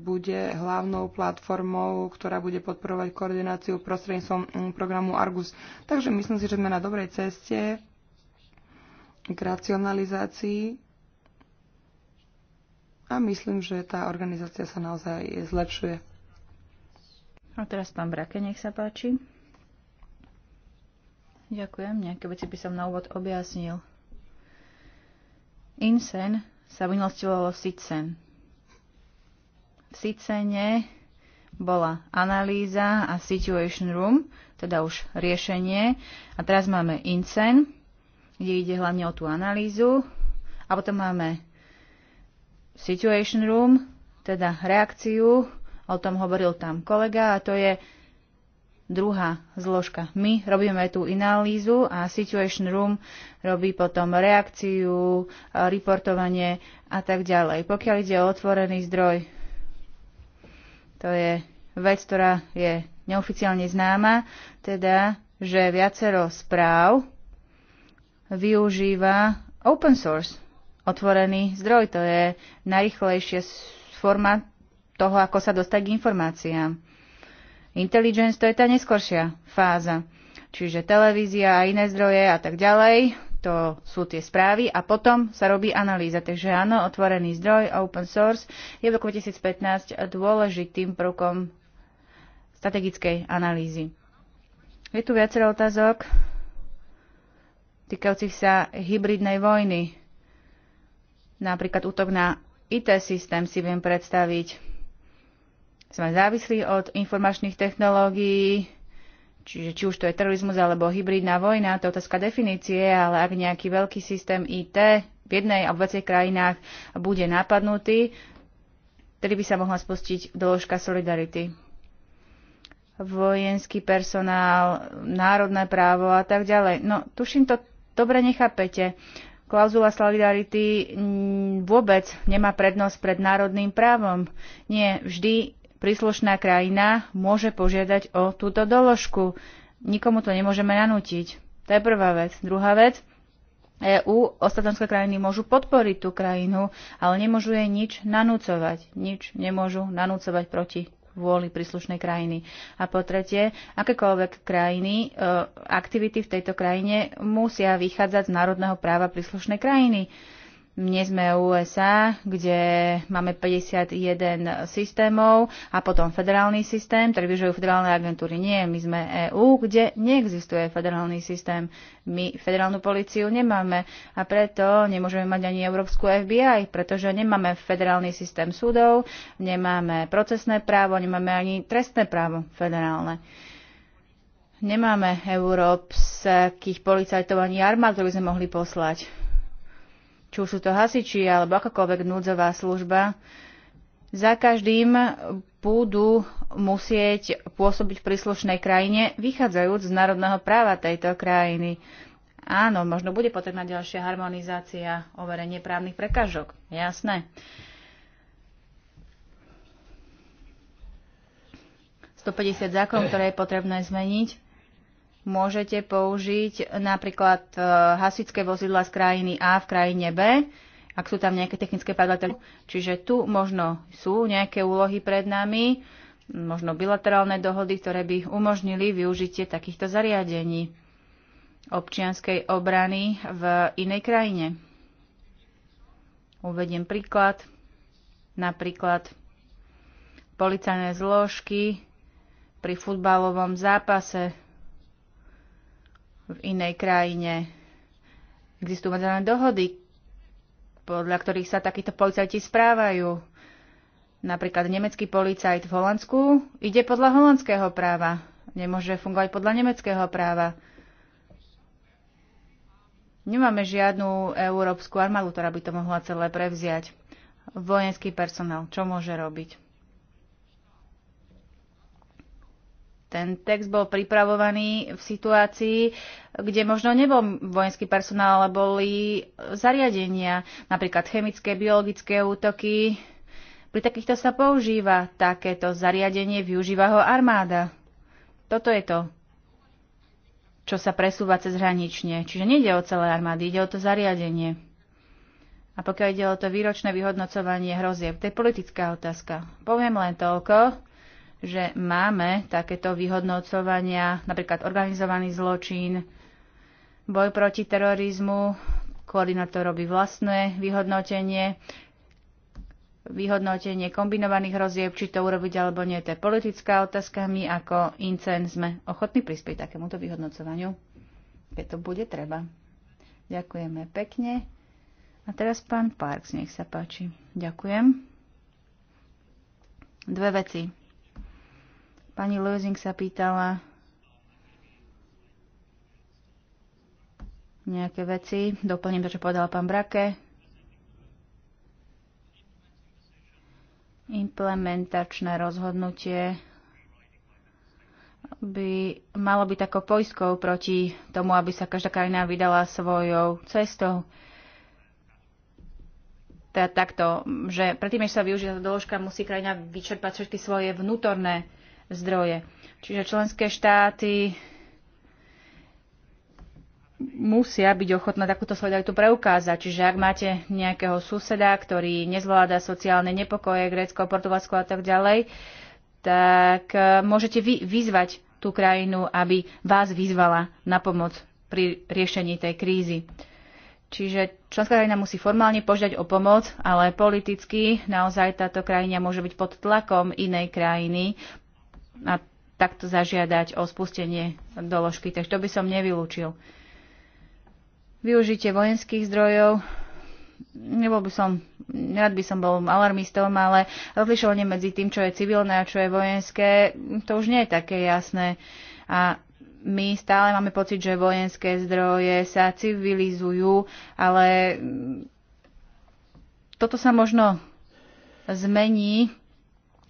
bude hlavnou platformou, ktorá bude podporovať koordináciu prostredníctvom mm, programu Argus. Takže myslím si, že sme na dobrej ceste k racionalizácii a myslím, že tá organizácia sa naozaj zlepšuje. A teraz pán Brake, nech sa páči. Ďakujem, nejaké veci by som na úvod objasnil. Insen sa vynostilo Sitsen Sicene bola analýza a Situation Room, teda už riešenie. A teraz máme INCEN, kde ide hlavne o tú analýzu. A potom máme Situation Room, teda reakciu, o tom hovoril tam kolega, a to je druhá zložka. My robíme tú analýzu a Situation Room robí potom reakciu, reportovanie a tak ďalej. Pokiaľ ide o otvorený zdroj to je vec, ktorá je neoficiálne známa, teda, že viacero správ využíva open source, otvorený zdroj. To je najrychlejšia forma toho, ako sa dostať k informáciám. Intelligence to je tá neskoršia fáza. Čiže televízia a iné zdroje a tak ďalej to sú tie správy a potom sa robí analýza. Takže áno, otvorený zdroj, open source je v roku 2015 dôležitým prvkom strategickej analýzy. Je tu viacero otázok týkajúcich sa hybridnej vojny. Napríklad útok na IT systém si viem predstaviť. Sme závislí od informačných technológií, Čiže či už to je terorizmus alebo hybridná vojna, to je otázka definície, ale ak nejaký veľký systém IT v jednej alebo viacej krajinách bude napadnutý, tedy by sa mohla spustiť doložka solidarity. Vojenský personál, národné právo a tak ďalej. No, tuším to dobre nechápete. Klauzula solidarity vôbec nemá prednosť pred národným právom. Nie, vždy príslušná krajina môže požiadať o túto doložku. Nikomu to nemôžeme nanútiť. To je prvá vec. Druhá vec, EU ostatné krajiny môžu podporiť tú krajinu, ale nemôžu jej nič nanúcovať. Nič nemôžu nanúcovať proti vôli príslušnej krajiny. A po tretie, akékoľvek krajiny, e, aktivity v tejto krajine musia vychádzať z národného práva príslušnej krajiny nie sme USA, kde máme 51 systémov a potom federálny systém, ktorý vyžujú federálne agentúry. Nie, my sme EÚ, kde neexistuje federálny systém. My federálnu policiu nemáme a preto nemôžeme mať ani Európsku FBI, pretože nemáme federálny systém súdov, nemáme procesné právo, nemáme ani trestné právo federálne. Nemáme európskych policajtov ani armád, ktorú sme mohli poslať či už sú to hasiči alebo akákoľvek núdzová služba, za každým budú musieť pôsobiť v príslušnej krajine, vychádzajúc z národného práva tejto krajiny. Áno, možno bude potrebná ďalšia harmonizácia, overenie právnych prekážok. Jasné. ...150 zákon, ktoré je potrebné zmeniť môžete použiť napríklad e, hasičské vozidla z krajiny A v krajine B, ak sú tam nejaké technické padlatele. Čiže tu možno sú nejaké úlohy pred nami, možno bilaterálne dohody, ktoré by umožnili využitie takýchto zariadení občianskej obrany v inej krajine. Uvediem príklad. Napríklad policajné zložky pri futbalovom zápase v inej krajine. Existujú medzinárodné dohody, podľa ktorých sa takíto policajti správajú. Napríklad nemecký policajt v Holandsku ide podľa holandského práva. Nemôže fungovať podľa nemeckého práva. Nemáme žiadnu európsku armádu, ktorá by to mohla celé prevziať. Vojenský personál, čo môže robiť? ten text bol pripravovaný v situácii, kde možno nebol vojenský personál, ale boli zariadenia, napríklad chemické, biologické útoky. Pri takýchto sa používa takéto zariadenie, využíva ho armáda. Toto je to, čo sa presúva cez hranične. Čiže nejde o celé armády, ide o to zariadenie. A pokiaľ ide o to výročné vyhodnocovanie hrozieb, to je politická otázka. Poviem len toľko, že máme takéto vyhodnocovania, napríklad organizovaný zločin, boj proti terorizmu, koordinátor robí vlastné vyhodnotenie, vyhodnotenie kombinovaných hrozieb, či to urobiť alebo nie, to je politická otázka. My ako INCEN sme ochotní prispieť takémuto vyhodnocovaniu, keď to bude treba. Ďakujeme pekne. A teraz pán Parks, nech sa páči. Ďakujem. Dve veci. Pani Lozing sa pýtala nejaké veci. Doplním to, čo povedal pán Brake. Implementačné rozhodnutie by malo byť takou poiskou proti tomu, aby sa každá krajina vydala svojou cestou. Teda takto, že predtým, než sa využíva tá doložka, musí krajina vyčerpať všetky svoje vnútorné zdroje. Čiže členské štáty musia byť ochotná takúto solidaritu preukázať. Čiže ak máte nejakého suseda, ktorý nezvláda sociálne nepokoje, Grécko, Portugalsko a tak ďalej, tak e, môžete vy vyzvať tú krajinu, aby vás vyzvala na pomoc pri riešení tej krízy. Čiže členská krajina musí formálne požiadať o pomoc, ale politicky naozaj táto krajina môže byť pod tlakom inej krajiny, a takto zažiadať o spustenie doložky. Takže to by som nevylúčil. Využitie vojenských zdrojov, nebol by som, rád by som bol alarmistom, ale rozlišovanie medzi tým, čo je civilné a čo je vojenské, to už nie je také jasné. A my stále máme pocit, že vojenské zdroje sa civilizujú, ale toto sa možno zmení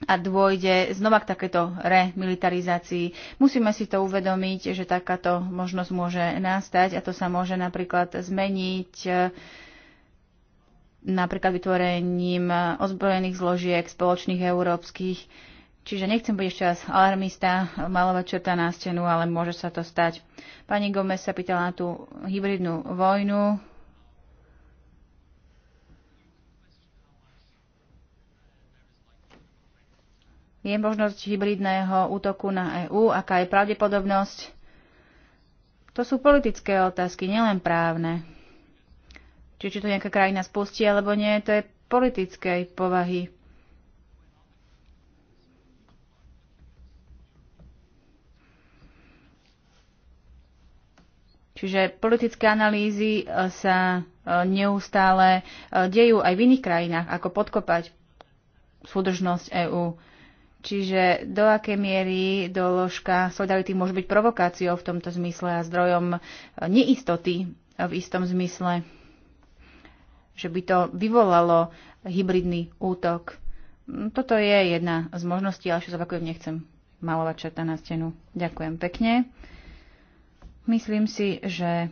a dôjde znova k takéto remilitarizácii. Musíme si to uvedomiť, že takáto možnosť môže nastať a to sa môže napríklad zmeniť e, napríklad vytvorením ozbrojených zložiek spoločných európskych. Čiže nechcem byť ešte raz alarmista, malovať čerta na stenu, ale môže sa to stať. Pani Gomez sa pýtala na tú hybridnú vojnu. Je možnosť hybridného útoku na EÚ? Aká je pravdepodobnosť? To sú politické otázky, nielen právne. Či, či to nejaká krajina spustí alebo nie, to je politickej povahy. Čiže politické analýzy e, sa e, neustále e, dejú aj v iných krajinách, ako podkopať súdržnosť EÚ. Čiže do akej miery doložka solidarity môže byť provokáciou v tomto zmysle a zdrojom e, neistoty v istom zmysle, že by to vyvolalo hybridný útok. Mm, toto je jedna z možností, ale čo zopakujem, nechcem malovať čerta na stenu. Ďakujem pekne. Myslím si, že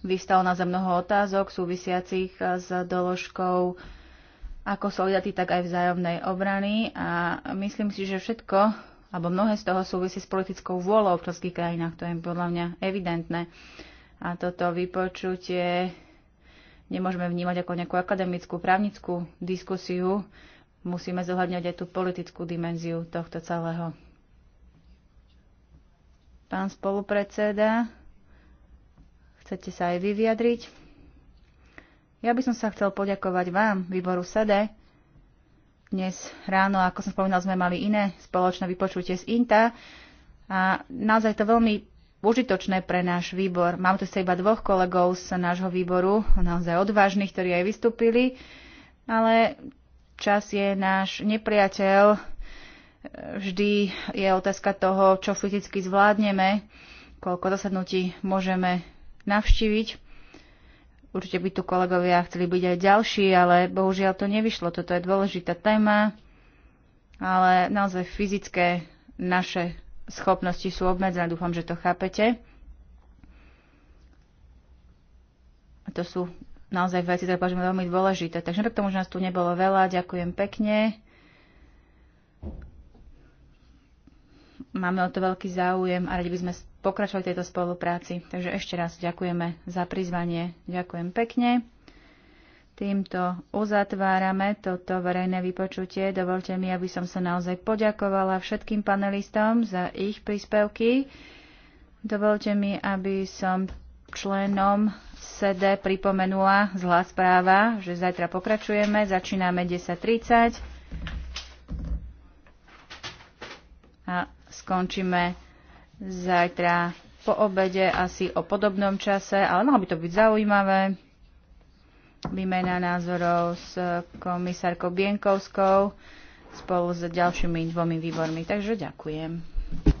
vystalo na za mnoho otázok súvisiacich e, s doložkou ako solidarity, tak aj vzájomnej obrany a myslím si, že všetko, alebo mnohé z toho súvisí s politickou vôľou v členských krajinách, to je podľa mňa evidentné. A toto vypočutie nemôžeme vnímať ako nejakú akademickú, právnickú diskusiu, musíme zohľadňať aj tú politickú dimenziu tohto celého. Pán spolupredseda, chcete sa aj vy vyjadriť? Ja by som sa chcel poďakovať vám, výboru SEDE. E. Dnes ráno, ako som spomínal, sme mali iné spoločné vypočutie z INTA a naozaj to veľmi užitočné pre náš výbor. Mám tu sa iba dvoch kolegov z nášho výboru, naozaj odvážnych, ktorí aj vystúpili, ale čas je náš nepriateľ. Vždy je otázka toho, čo fyzicky zvládneme, koľko zasadnutí môžeme navštíviť. Určite by tu kolegovia chceli byť aj ďalší, ale bohužiaľ to nevyšlo. Toto je dôležitá téma, ale naozaj fyzické naše schopnosti sú obmedzené. Dúfam, že to chápete. A to sú naozaj veci, ktoré považujem veľmi dôležité. Takže napriek tomu, že nás tu nebolo veľa, ďakujem pekne. Máme o to veľký záujem a radi by sme pokračovali tejto spolupráci. Takže ešte raz ďakujeme za prizvanie. Ďakujem pekne. Týmto uzatvárame toto verejné vypočutie. Dovolte mi, aby som sa naozaj poďakovala všetkým panelistom za ich príspevky. Dovolte mi, aby som členom SED pripomenula zlá správa, že zajtra pokračujeme, začíname 10.30. A skončíme zajtra po obede asi o podobnom čase, ale malo by to byť zaujímavé. Výmena názorov s komisárkou Bienkovskou spolu s ďalšími dvomi výbormi. Takže ďakujem.